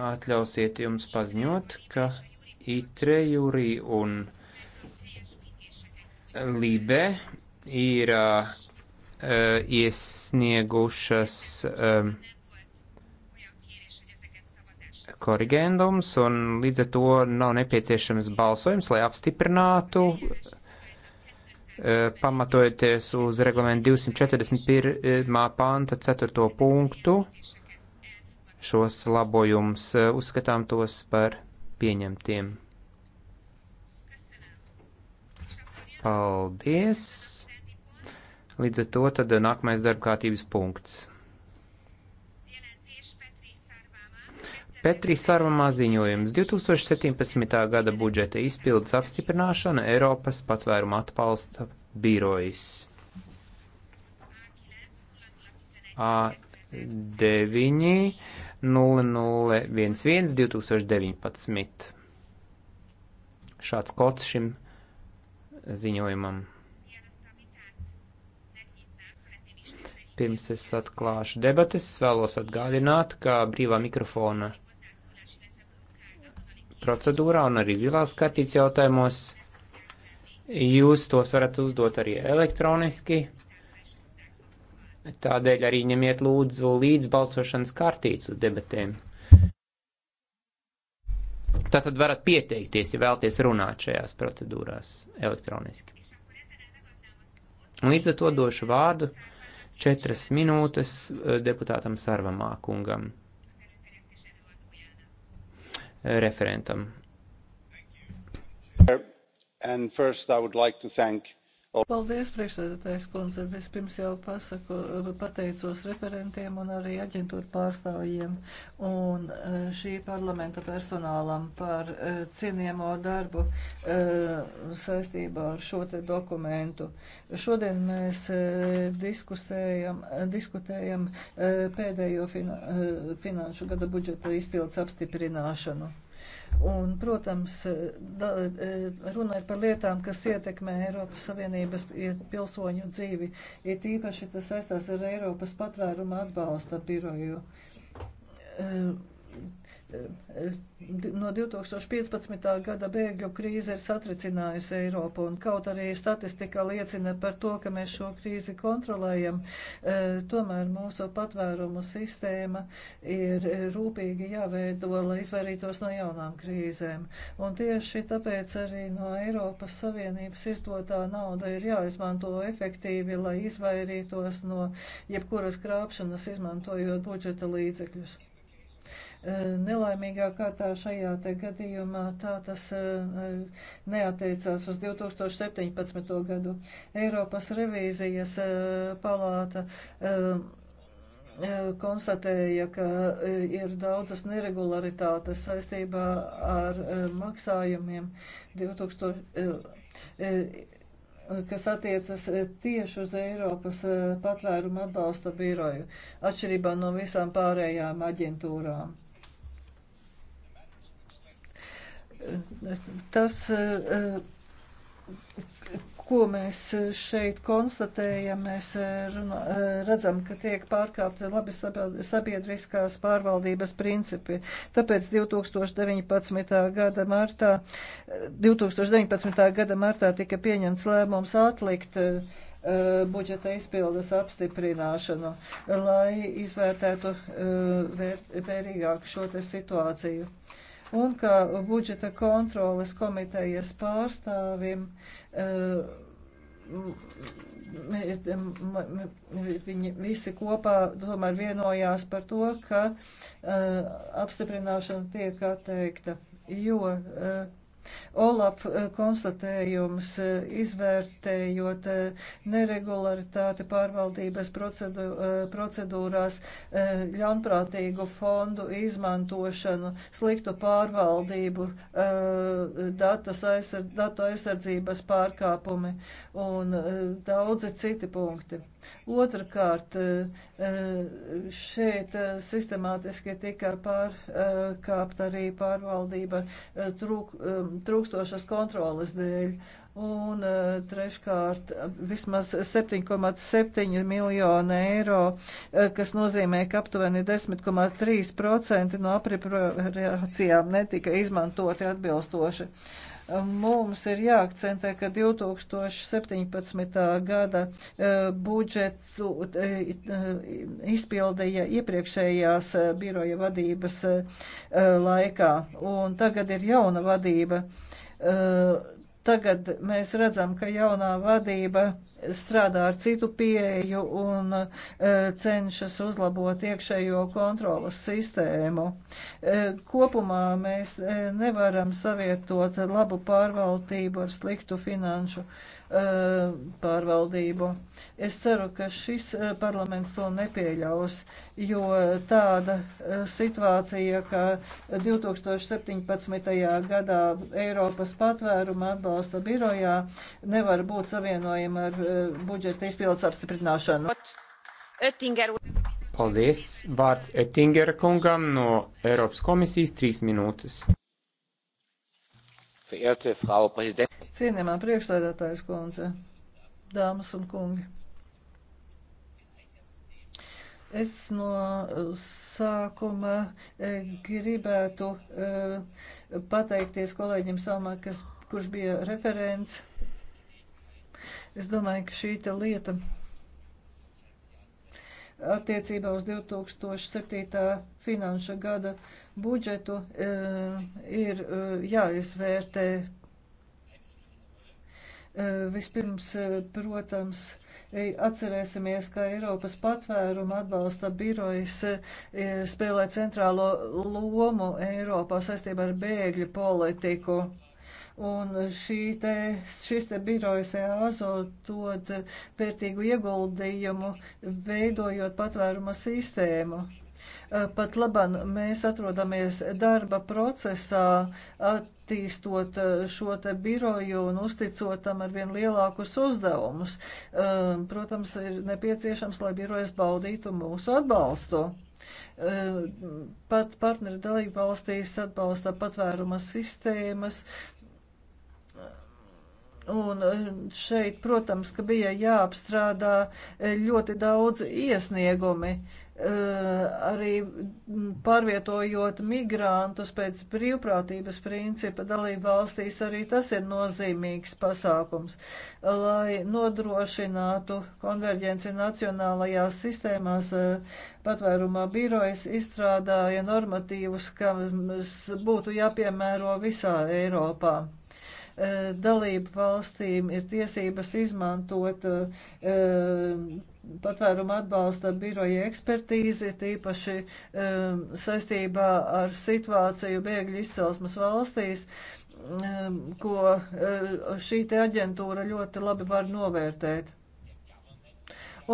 Atļausiet jums paziņot, ka ITRE, JURI un LIBE ir uh, iesniegušas um, korrigendums, un līdz ar to nav nepieciešams balsojums, lai apstiprinātu uh, pamatojoties uz reglamentu 241. panta 4. punktu, šos labojumus, eh, uzskatām tos par pieņemtiem. Paldies! Līdz ar to tad nākamais darbkārtības punkts. Petrīs Sārvamā ziņojums 2017. gada budžeta izpildes apstiprināšana Eiropas patvēruma atbalsta birojas. A9 0011 2019. Šāds kods šim ziņojumam. Pirms es atklāšu debatas, vēlos atgādināt, ka brīvā mikrofona procedūrā un arī zilās kartītes jautājumos jūs tos varat uzdot arī elektroniski. Tādēļ arī ņemiet lūdzu līdz balsošanas kartītes uz debatēm. Tātad varat pieteikties, ja vēlties runāt šajās procedūrās elektroniski. Līdz ar to došu vārdu četras minūtes eh, deputātam Sarvamā kungam, referentam. And first I would like to thank Paldies, priekšsēdētājs kundze. Vispirms jau pasaku, pateicos referentiem un arī aģentūru pārstāvjiem un e, šī parlamenta personālam par e, cienījamo darbu e, saistībā ar šo te dokumentu. Šodien mēs diskusējam, diskutējam pēdējo fina, finanšu gada budžeta izpildes apstiprināšanu. Un, protams, da, e, runa ir par lietām, kas ietekmē Eiropas Savienības pilsoņu dzīvi. Ir īpaši tas saistās ar Eiropas patvērumu atbalsta biroju. Uh, Eh, no 2015. gada bēgļu krīze ir satricinājusi Eiropu, un kaut arī statistika liecina par to, ka mēs šo krīzi kontrolējam, eh, tomēr mūsu patvērumu sistēma ir rūpīgi jāveido, lai izvairītos no jaunām krīzēm. Un tieši tāpēc arī no Eiropas Savienības izdotā nauda ir jāizmanto efektīvi, lai izvairītos no jebkuras krāpšanas, izmantojot budžeta līdzekļus. Eh, nelaimīgā kārtā šajā te gadījumā tā tas eh, neatiecās uz 2017. gadu. Eiropas revīzijas eh, palāta konstatēja, ka ir daudzas neregularitātes saistībā ar maksājumiem 2000 kas attiecas tieši uz Eiropas patvērumu atbalsta biroju, atšķirībā no visām pārējām aģentūrām. tas, ko mēs šeit konstatējam, mēs runā, redzam, ka tiek pārkāpti labi sabiedriskās pārvaldības principi. Tāpēc 2019. gada martā, 2019. gada martā tika pieņemts lēmums atlikt eh, budžeta izpildes apstiprināšanu, lai izvērtētu eh, vērīgāk šo te situāciju. Uh, un kā budžeta kontroles komitejas pārstāvim eh, viņi visi kopā tomēr vienojās par to, ka eh, apstiprināšana tiek atteikta, jo uh, Olaf eh, konstatējums eh, izvērtējot eh, neregularitāti pārvaldības procedūrās, ļaunprātīgu fondu izmantošanu, sliktu pārvaldību, aizsardz, datu aizsardzības pārkāpumi un daudzi citi punkti. Otrakārt, eh, šeit eh, sistemātiski tika pārkāpt arī pārvaldība eh, trūk, trūkstošas kontrolas dēļ un e, treškārt vismaz 7,7 miljonu eiro, e, kas nozīmē, ka aptuveni 10,3% no apropriācijām netika izmantoti atbilstoši. Mums ir jāakcentē, ka 2017. gada e, budžetu izpildīja iepriekšējās biroja vadības laikā, un tagad ir jauna vadība Tagad mēs redzam, ka jaunā vadība strādā ar citu pieeju un e, cenšas uzlabot iekšējo kontrolas sistēmu. E, kopumā mēs e, nevaram savietot labu pārvaldību ar sliktu finanšu pārvaldību. Es ceru, ka šis parlaments to nepieļaus, jo tāda situācija, ka 2017. gadā Eiropas patvēruma atbalsta birojā nevar būt savienojama ar Eh, budžeta izpildes apstiprināšanu. Paldies! Vārds Ettingera kungam no Eiropas komisijas trīs minūtes. Cienījamā priekšsēdētājas kundze, dāmas un kungi. Es no sākuma eh, gribētu eh, pateikties kolēģim Salmā, kas, kurš bija referents Es domāju, ka šī lieta attiecībā uz 2007. finanšu gada budžetu e, ir e, jāizvērtē. E, vispirms, protams, atcerēsimies, ka Eiropas patvēruma atbalsta birojas spēlē centrālo lomu Eiropā saistībā ar bēgļu politiku un šī te, šis te birojas EASO dod pērtīgu ieguldījumu, veidojot patvērumu sistēmu. Eh, pat labam mēs atrodamies darba procesā, attīstot eh, šo te biroju un uzticot tam ar vien lielākus uzdevumus. Eh, protams, ir nepieciešams, lai birojas baudītu mūsu atbalstu. Pat partneri dalību valstīs atbalsta patvēruma sistēmas, Un eh, šeit, protams, ka bija jāapstrādā eh, ļoti daudz iesniegumi. Eh, arī pārvietojot migrantus pēc brīvprātības principa dalību valstīs, arī tas ir nozīmīgs pasākums, lai nodrošinātu konverģenci nacionālajās sistēmās. Patvērumā birojas izstrādāja normatīvus, kas būtu jāpiemēro visā Eiropā. Eh, dalību valstīm ir tiesības izmantot eh, patvērumu atbalsta biroja ekspertīzi, tīpaši um, saistībā ar situāciju bēgļu izcelsmes valstīs, um, ko uh, šī te aģentūra ļoti labi var novērtēt.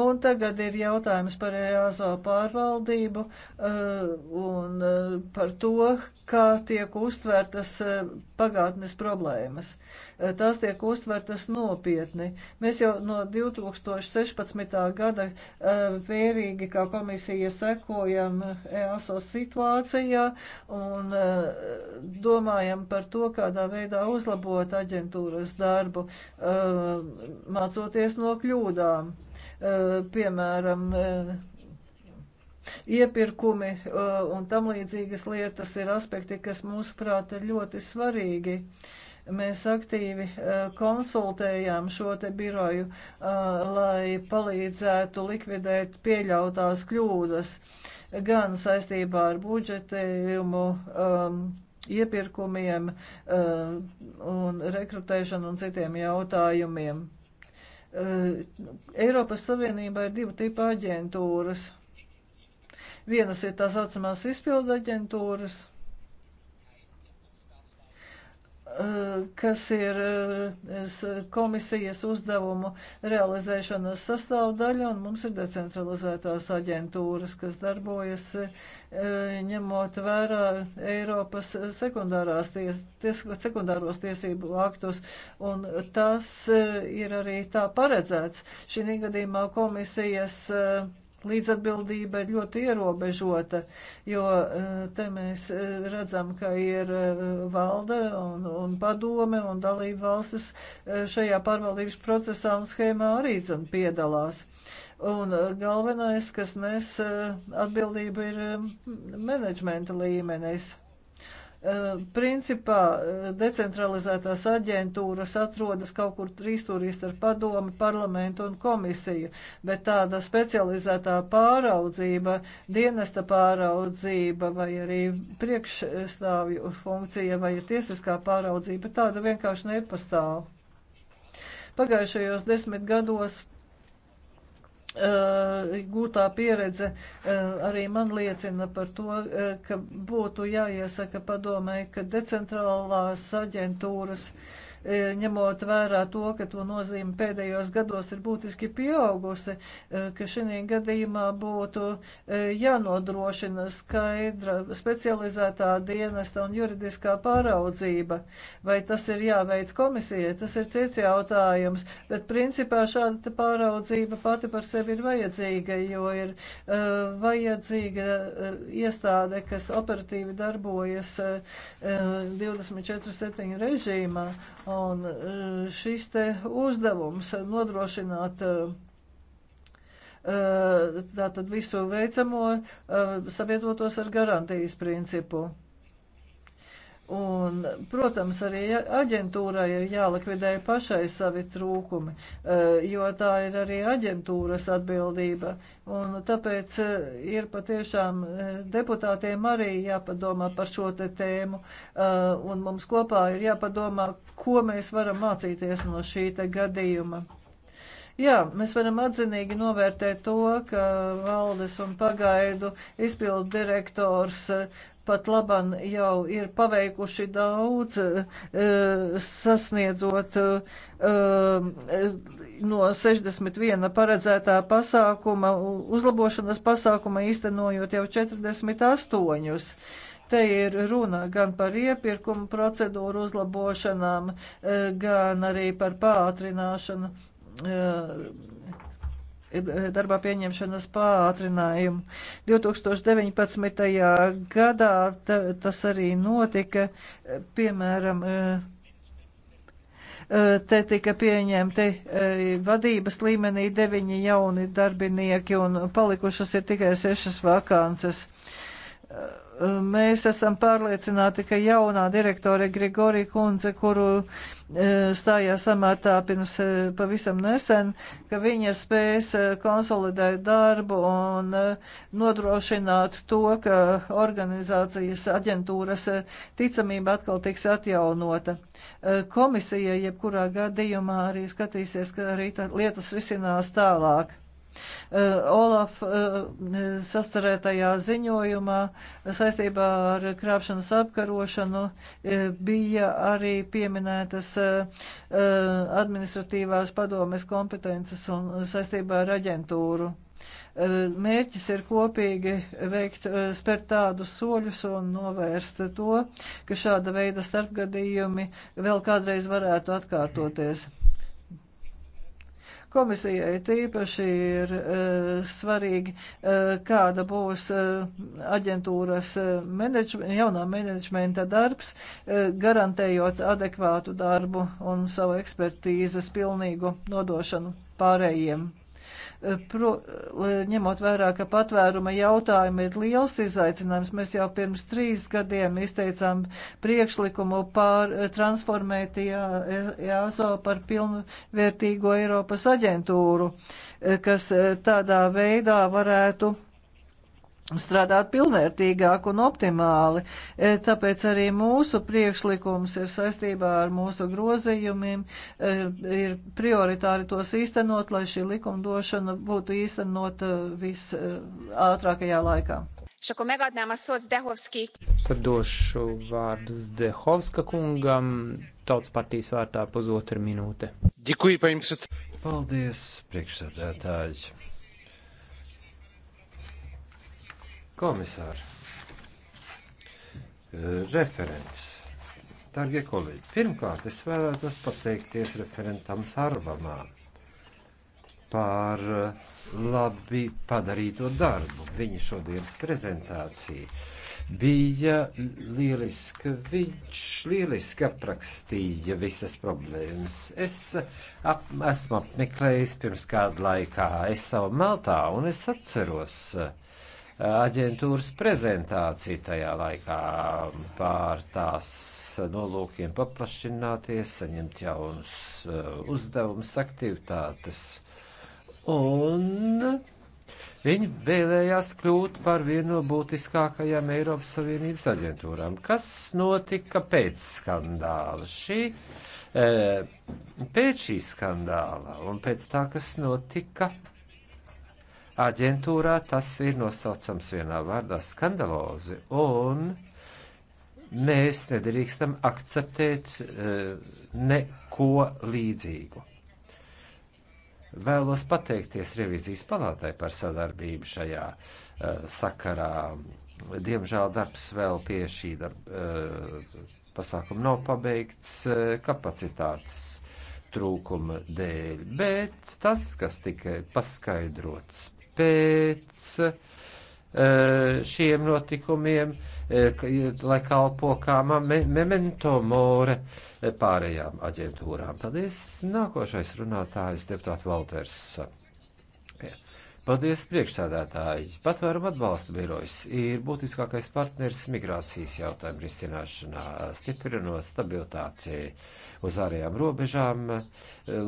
Un tagad ir jautājums par EASO pārvaldību eh, un eh, par to, kā tiek uztvērtas eh, pagātnes problēmas. Tās tiek uztvērtas nopietni. Mēs jau no 2016. gada vērīgi kā komisija sekojam EASO situācijā un domājam par to, kādā veidā uzlabot aģentūras darbu, mācoties no kļūdām. Eh, piemēram, eh, iepirkumi eh, un tam līdzīgas lietas ir aspekti, kas mūsuprāt ir ļoti svarīgi. Mēs aktīvi konsultējām šo te biroju, lai palīdzētu likvidēt pieļautās kļūdas gan saistībā ar budžetējumu, ehm, iepirkumiem un rekrutēšanu un citiem jautājumiem. Eh, Eiropas Savienībā ir divu tipu aģentūras. Vienas ir tā saucamās izpildu aģentūras Eh, kas ir eh, komisijas uzdevumu realizēšanas sastāvdaļa, un mums ir decentralizētās aģentūras, kas darbojas eh, ņemot vērā Eiropas sekundārās ties, ties, sekundāros tiesību aktus, un tas ir arī tā paredzēts. Šī gadījumā komisijas Līdzatbildība ir ļoti ierobežota, jo eh, te mēs eh, redzam, ka ir eh, valde un, un padome un dalība valstis šajā pārvaldības procesā un schēmā arī dzem piedalās. Un galvenais, kas nes atbildību, ir menedžmenta līmenis. Eh, principā eh, decentralizētās aģentūras atrodas kaut kur trīstūrī starp padomi, parlamentu un komisiju, bet tāda specializētā pāraudzība, dienesta pāraudzība vai arī priekšstāvju funkcija vai tiesiskā pāraudzība tāda vienkārši nepastāv. Pagājušajos desmit gados Eh, gūtā pieredze eh, arī man liecina par to, eh, ka būtu jāiesaka padomē, ka decentrālās aģentūras E, ņemot vērā to, ka to nozīme pēdējos gados ir būtiski pieaugusi, e, ka šī gadījumā būtu e, jānodrošina skaidra specializētā dienesta un juridiskā pāraudzība. Vai tas ir jāveic komisijai, tas ir cits jautājums, bet principā šāda pāraudzība pati par sevi ir vajadzīga, jo ir vajadzīga iestāde, kas operatīvi darbojas 24-7 režīmā. Un e, šis te uzdevums nodrošināt e, e, tātad visu veicamo savietotos ar garantijas principu. Un, protams, arī aģentūrai ir jālikvidē pašai savi trūkumi, e, jo tā ir arī aģentūras atbildība. Un tāpēc e, ir patiešām e, deputātiem arī jāpadomā par šo te tēmu, un mums kopā ir jāpadomā, ko mēs varam mācīties no šī te gadījuma. Jā, mēs varam atzinīgi novērtēt to, ka valdes un pagaidu izpildu direktors eh, pat laban jau ir paveikuši daudz, eh, sasniedzot eh, no 61 paredzētā pasākuma, uzlabošanas pasākuma īstenojot jau 48. Te ir runa gan par iepirkumu procedūru uzlabošanām, gan arī par pātrināšanu E, e, darbā pieņemšanas pātrinājumu. 2019. gadā ta, tas arī notika, piemēram, e, te tika pieņemti vadības līmenī deviņi jauni darbinieki un palikušas ir tikai sešas vakances. Mēs esam pārliecināti, ka jaunā direktore Grigorija Kunze, kuru e, stājās amatā pirms e, pavisam nesen, ka viņa spēs e, konsolidēt darbu un nodrošināt to, ka organizācijas aģentūras ticamība atkal tiks atjaunota. Komisija jebkurā gadījumā arī skatīsies, ka arī lietas risinās tālāk. Eh, Olaf eh, sastarētajā ziņojumā saistībā ar krāpšanas apkarošanu eh, bija arī pieminētas administratīvās padomes kompetences un saistībā ar aģentūru mērķis ir kopīgi veikt, spērt tādus soļus un novērst to, ka šāda veida starpgadījumi vēl kādreiz varētu atkārtoties. Komisijai tīpaši ir e, svarīgi, e, kāda būs e, aģentūras menedžmenta, jaunā menedžmenta darbs, garantējot adekvātu darbu un savu ekspertīzes pilnīgu nodošanu pārējiem. Pro, e, ņemot vērā, ka patvēruma jautājumi ir liels izaicinājums, mēs jau pirms trīs gadiem izteicām priekšlikumu pār e, transformēt JASO e, par pilnvērtīgo Eiropas aģentūru, kas tādā veidā varētu strādāt pilnvērtīgāk un optimāli. E, tāpēc arī mūsu priekšlikums ir saistībā ar mūsu grozījumiem, e, ir prioritāri tos īstenot, lai šī likumdošana būtu īstenota visātrākajā laikā. És akkor megadnám a szót Zdehovski. Tad došu vārdu Zdehovska kungam, tautas partijas vārtā pusotra minūte. Děkuji, paņem Paldies, priekšsēdētāji. Komisāri, referents, darbie kolēģi, pirmkārt es vēlētos pateikties referentam Sarvamam par uh, labi padarīto darbu. Viņa šodienas prezentācija bija lieliska. Viņš lieliski aprakstīja visas problēmas. Es uh, ap, esmu apmeklējis pirms kādu laikā es savu Maltā un es atceros uh, aģentūras prezentāciju tajā laikā pār tās nolūkiem paplašināties, saņemt jaunus eh, uzdevumus, aktivitātes. Un viņi vēlējās kļūt par vienu no būtiskākajām Eiropas Savienības aģentūrām. Kas notika pēc skandāla? Šī, eh, pēc šī skandāla un pēc tā, kas notika aģentūrā tas ir nosaucams vienā vārdā skandalozi, un mēs nedrīkstam akceptēt eh, neko līdzīgu. Vēlos pateikties revizijas palātai par sadarbību šajā uh, sakarā. Diemžēl darbs vēl pie šī darba uh, eh, pasākuma nav pabeigts uh, kapacitātes trūkuma dēļ, bet tas, kas tika paskaidrots pēc eh, šiem notikumiem, eh, lai kalpo kā me memento more eh, pārējām aģentūrām. Paldies! Nākošais runātājs deputāts Valters. Paldies, priekšsādātāji! Patvērumu atbalsta birojs ir būtiskākais partners migrācijas jautājumu risināšanā, stiprinot stabilitāti uz ārējām robežām,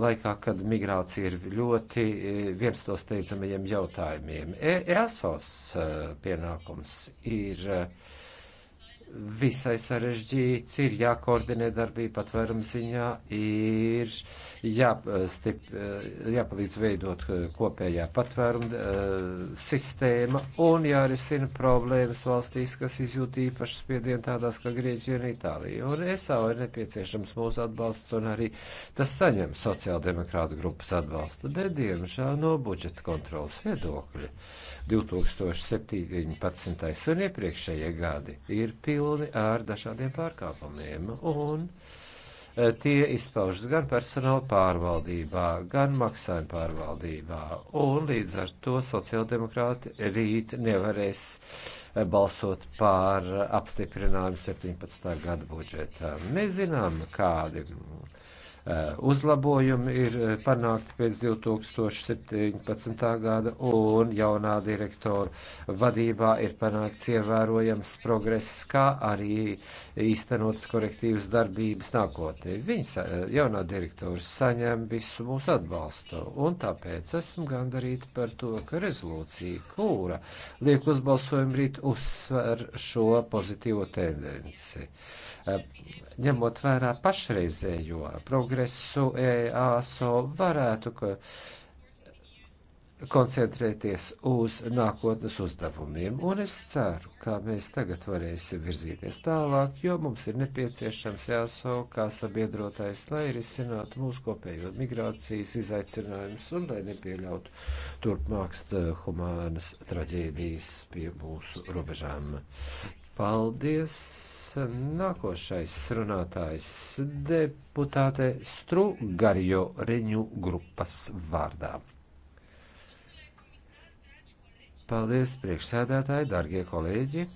laikā, kad migrācija ir ļoti eh, viens no steidzamajiem jautājumiem. E-, EASOS eh, pienākums ir. Uh, visai sarežģīts, ir jākoordinē darbība patvērums ziņā, ir jāstip, jāpalīdz veidot kopējā patvēruma eh, sistēma un jārisina problēmas valstīs, kas izjūt īpašu spiedienu tādās kā Grieķija un Itālija. Un ESA ir nepieciešams mūsu atbalsts un arī tas saņem sociāldemokrāta grupas atbalstu, bet diemžēl no budžeta kontrolas viedokļa 2017. un iepriekšējie gadi ir pie pilni ar dažādiem pārkāpumiem. Un e, tie izpaužas gan personāla pārvaldībā, gan maksājuma pārvaldībā. Un līdz ar to sociāldemokrāti rīt nevarēs e, balsot pār apstiprinājumu 17. gada budžetam. Nezinām, kādi Eh, uzlabojumi ir eh, panākti pēc 2017. gada, un jaunā direktora vadībā ir panākts ievērojams progress, kā arī īstenots korektīvas darbības nākotnē. Viņa eh, jaunā direktora saņem visu mūsu atbalstu, un tāpēc esmu gandarīti par to, ka rezolūcija, kura liek uzbalsojumu rīt, uzsver šo pozitīvo tendenci. Eh, ņemot vērā pašreizējo progresu, EASO varētu koncentrēties uz nākotnes uzdevumiem, un es ceru, ka mēs tagad varēsim virzīties tālāk, jo mums ir nepieciešams jāsau e kā sabiedrotais, lai risinātu mūsu kopējo migrācijas izaicinājumus un lai nepieļautu turpmākas eh, humānas traģēdijas pie mūsu robežām. Paldies! Nākošais runātājs deputāte Strugarjo Reņu grupas vārdā. Paldies, priekšsēdētāji, darbie kolēģi! E,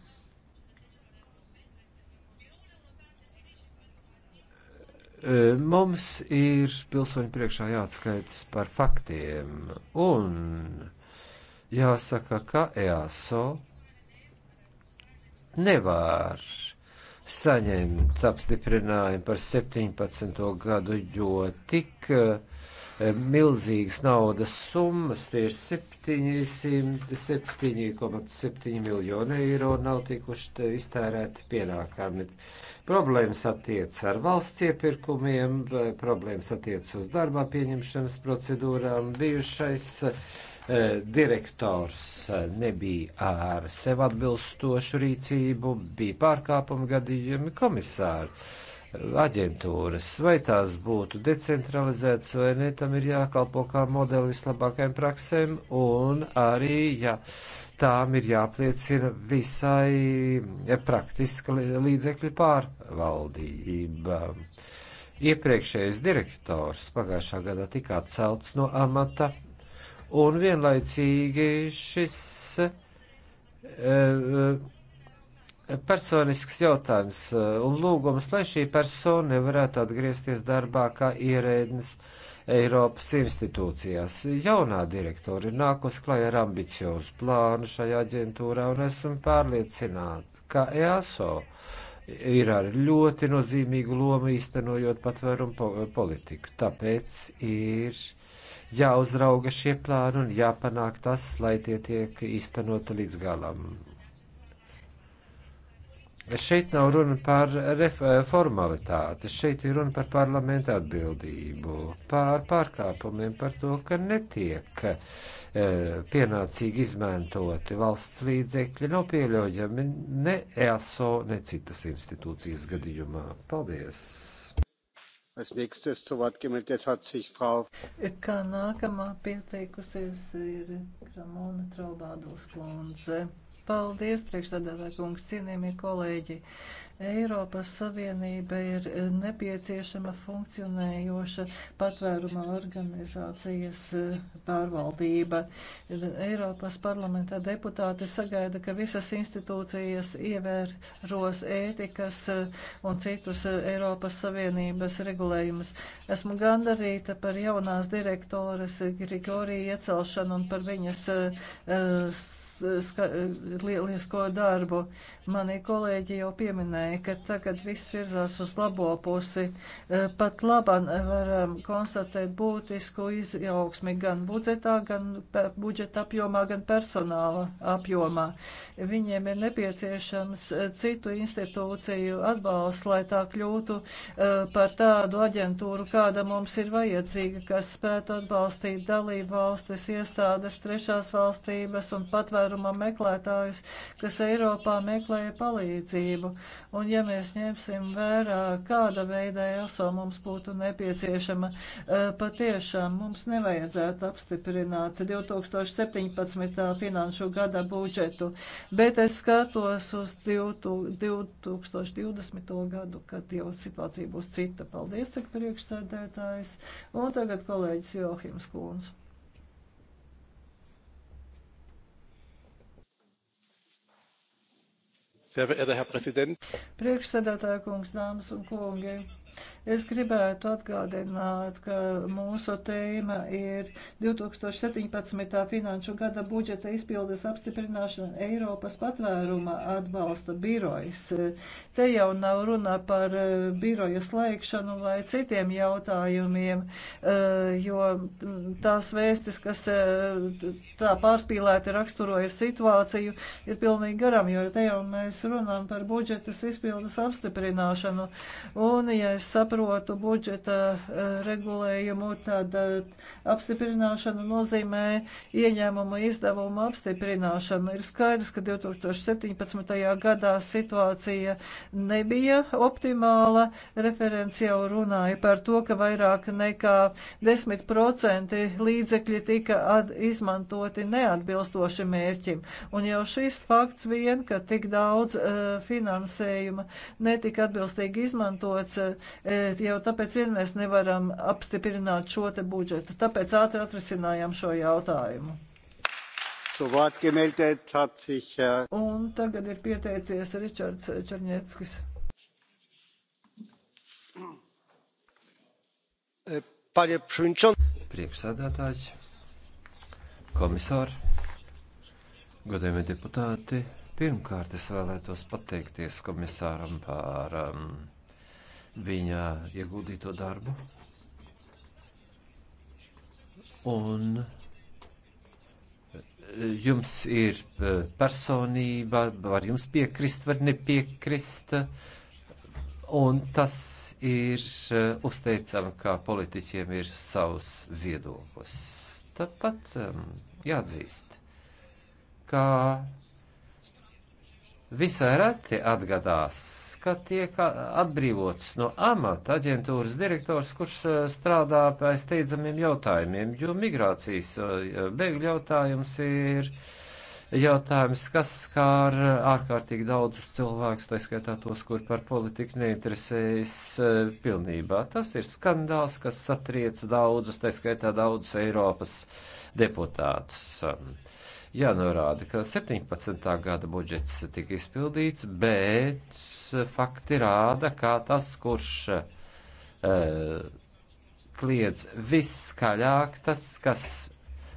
mums ir pilsoņu priekšā jāatskaits par faktiem, un jāsaka, ka EASO nevar saņemt apstiprinājumu par 17. gadu, jo tik eh, milzīgas naudas summas, tie ir 7,7 miljoni eiro, nav tikuši iztērēti pienākami. Problēmas attiec ar valsts iepirkumiem, eh, problēmas attiec uz darbā pieņemšanas procedūrām, bijušais uh, E, direktors e, nebija ar sev atbilstošu rīcību, bija pārkāpuma gadījumi komisāri, e, aģentūras, vai tās būtu decentralizētas vai ne, tam ir jākalpo kā modeli vislabākajām praksēm un arī, ja tām ir jāpliecina visai praktiska līdzekļu pārvaldība. Iepriekšējais direktors pagājušā gadā tika atcelts no amata un vienlaicīgi šis e, e, personisks jautājums e, un lūgums, lai šī persona nevarētu atgriezties darbā kā ierēdnis Eiropas institūcijās. Jaunā direktora ir nākus klajā ar ambiciozu plānu šajā aģentūrā un esmu pārliecināts, ka EASO ir ar ļoti nozīmīgu lomu īstenojot patvērumu politiku. Tāpēc ir jāuzrauga šie plāni un jāpanāk tas, lai tie tiek īstenoti līdz galam. Šeit nav runa par formalitāti, šeit ir runa par parlamentu atbildību, par pārkāpumiem, par to, ka netiek uh, E, pienācīgi izmantoti valsts līdzekļi nav pieļaujami ne EASO, ne citas institūcijas gadījumā. Paldies! Kā nākamā pieteikusies ir Ramona Traubāduls kundze. Paldies, priekšsēdētāji kungs, cienījamie kolēģi. Eiropas Savienība ir nepieciešama funkcionējoša patvēruma organizācijas eh, pārvaldība. Eiropas parlamentā deputāti sagaida, ka visas institūcijas ievēros ētikas eh, un citus eh, Eiropas Savienības regulējumus. Esmu gandarīta par jaunās direktores Grigoriju iecelšanu un par viņas uh, lielisko darbu. Mani kolēģi jau pieminēja, ka tagad viss virzās uz labo pusi. E, pat laban e, varam konstatēt būtisku izaugsmi gan budžetā, gan budžeta apjomā, gan personāla apjomā. Viņiem ir nepieciešams e, citu institūciju atbalsts, lai tā kļūtu par tādu aģentūru, kāda mums ir vajadzīga, kas spētu atbalstīt dalību valstis, iestādes, trešās valstības un patvērumu patvēruma meklētājus, kas Eiropā meklēja palīdzību. Un ja mēs ņemsim vērā, kāda veida ESO mums būtu nepieciešama, e, patiešām mums nevajadzētu apstiprināt 2017. finanšu gada budžetu, bet es skatos uz 2020. gadu, kad jau situācija būs cita. Paldies, saka priekšsēdētājs. Un tagad kolēģis Johims Kūns. Priekšsēdētāja kungs, dāmas un kungi! Es gribētu atgādināt, ka mūsu tēma ir 2017. finanšu gada budžeta izpildes apstiprināšana Eiropas patvēruma atbalsta birojas. Te jau nav runa par eh, biroju slēgšanu vai citiem jautājumiem, eh, jo tās vēstis, kas eh, tā pārspīlēti raksturoja situāciju, ir pilnīgi garam, jo te jau mēs runām par budžetas izpildes apstiprināšanu. Un, ja saprotu budžeta eh, regulējumu, tad eh, apstiprināšana nozīmē ieņēmumu izdevumu apstiprināšanu. Ir skaidrs, ka 2017. gadā situācija nebija optimāla. Referents jau runāja par to, ka vairāk nekā 10% līdzekļi tika izmantoti neatbilstoši mērķim. Un jau šis fakts vien, ka tik daudz uh, finansējuma netika atbilstīgi izmantots, uh, E, jau tāpēc vien mēs nevaram apstiprināt šo te budžetu. Tāpēc ātri atrisinājām šo jautājumu. Äh, Un tagad ir pieteicies Ričards Černieckis. Äh, Priekšsēdētājs, komisāri, godējumie deputāti, pirmkārt es vēlētos pateikties komisāram par um, viņa ieguldīto darbu. Un jums ir eh, personība, var jums piekrist, var nepiekrist. Un tas ir eh, uzteicami, kā politiķiem ir savs viedoklis. Tāpat ehm, jāatzīst, ka visai reti atgadās ka tiek atbrīvots no amata aģentūras direktors, kurš strādā pie steidzamiem jautājumiem, jo migrācijas bēgļu jautājums ir jautājums, kas skār ārkārtīgi daudzus cilvēkus, tā skaitā tos, kur par politiku neinteresējas pilnībā. Tas ir skandāls, kas satriec daudzus, tā skaitā daudzus Eiropas deputātus jānorāda, ka 17. gada budžets tika izpildīts, bet fakti rāda, ka tas, kurš uh, kliedz viskaļāk, tas, kas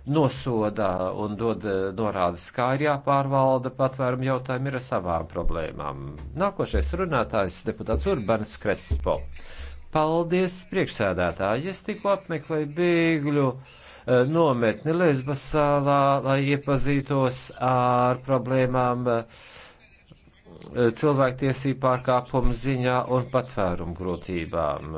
nosoda un dod eh, norādes, kā ir jāpārvalda patvērumu jautājumi ir ar savām problēmām. Nākošais runātājs deputāts Urbans Krespo. Paldies, priekšsēdētāji! Es tikko apmeklēju bēgļu Eh, nometni Lesbas salā, lai iepazītos ar problēmām eh, cilvēktiesību pārkāpumu ziņā un patvērumu grūtībām.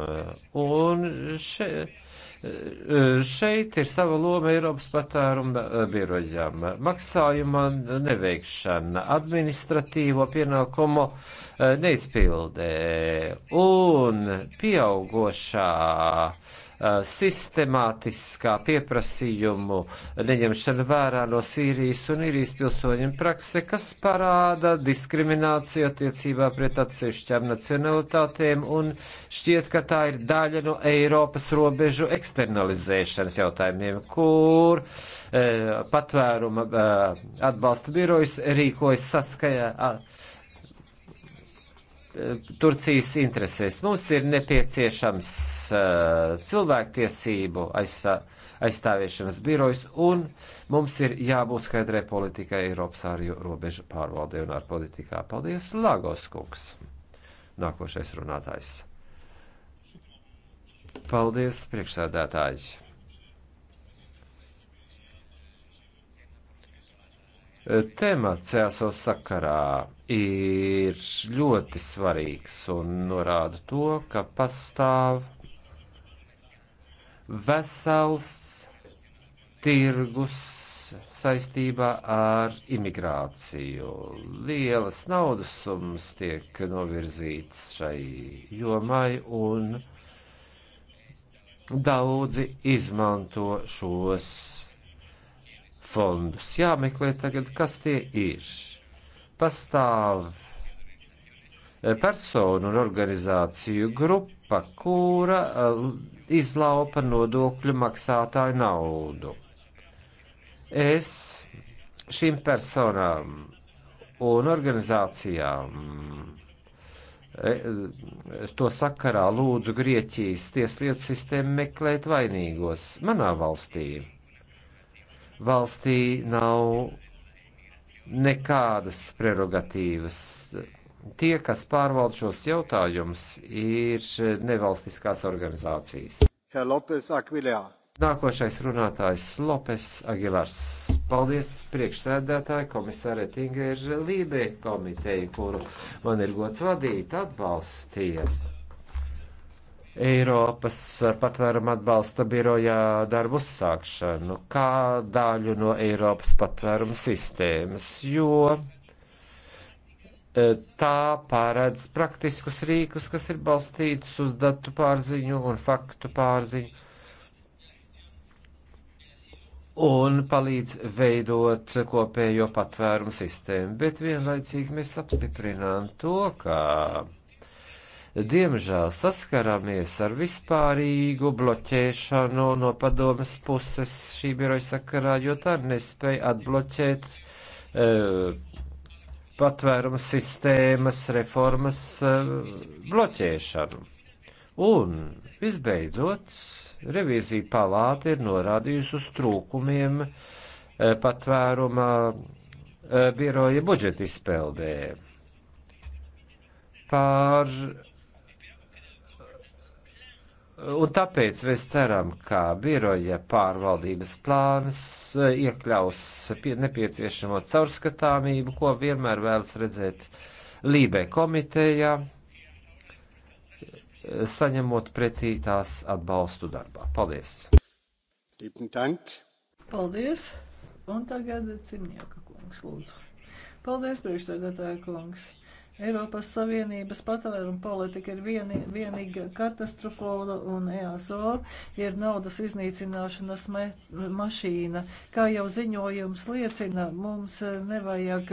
Un šeit. Eh, šeit ir sava loma Eiropas patāruma birojām. Maksājuma neveikšana, administratīvo pienākumu neizpildē un pieaugošā uh, sistemātiskā pieprasījumu neņemšana vērā no Sīrijas un Irijas pilsoņiem prakse, kas parāda diskrimināciju attiecībā pret atsevišķām nacionalitātēm un šķiet, ka tā ir daļa no Eiropas robežu eksternalizēšanas jautājumiem, kur e, patvēruma e, atbalsta birojas rīkojas saskaņā. Turcijas interesēs. Mums ir nepieciešams uh, cilvēktiesību aizsā, aizstāviešanas birojs, un mums ir jābūt skaidrai politikai Eiropas ārju robežu pārvaldē un ārpolitikā. Paldies, Lagos kungs! Nākošais runātājs. Paldies, priekšsēdētāji! Temats ESO sakarā ir ļoti svarīgs un norāda to, ka pastāv vesels tirgus saistībā ar imigrāciju. Lielas naudas summas tiek novirzītas šai jomai un daudzi izmanto šos fondus. Jāmeklē tagad, kas tie ir pastāv eh, personu un organizāciju grupa, kura eh, izlaupa nodokļu maksātāju naudu. Es šīm personām un organizācijām eh, to sakarā lūdzu Grieķijas tieslietu sistēmu meklēt vainīgos manā valstī. Valstī nav nekādas prerogatīvas. Tie, kas pārvalda šos jautājumus, ir nevalstiskās organizācijas. Herr Lopes Aquilar. Nākošais runātājs Lopes Agilārs. Paldies priekšsēdētāji komisāre Tingerža Lībē komiteja, kuru man ir gods vadīt, atbalstīja Eiropas patvērumu atbalsta birojā darbu sākšanu, kā daļu no Eiropas patvērumu sistēmas, jo e, tā pārēdz praktiskus rīkus, kas ir balstītus uz datu pārziņu un faktu pārziņu, un palīdz veidot kopējo patvērumu sistēmu. Bet vienlaicīgi mēs apstiprinām to, ka diemžēl saskarāmies ar vispārīgu bloķēšanu no padomas puses šī biroja sakarā, jo tā nespēja atbloķēt e, patvērumu sistēmas reformas e, bloķēšanu. Un, visbeidzot, revīzija palāta ir norādījusi uz trūkumiem e, patvēruma e, biroja budžeta izpildē. Pār Un tāpēc mēs ceram, ka biroja pārvaldības plāns eh, iekļaus nepieciešamo caurskatāmību, ko vienmēr vēlas redzēt Lībē komitejā, eh, saņemot pretī tās atbalstu darbā. Paldies! Paldies! Un tagad cimnieka kungs lūdzu. Paldies, priekšsēdētāja kungs! Eiropas Savienības patvērumu politika ir vieni, vienīga katastrofāla un EASO ir naudas iznīcināšanas me, mašīna. Kā jau ziņojums liecina, mums nevajag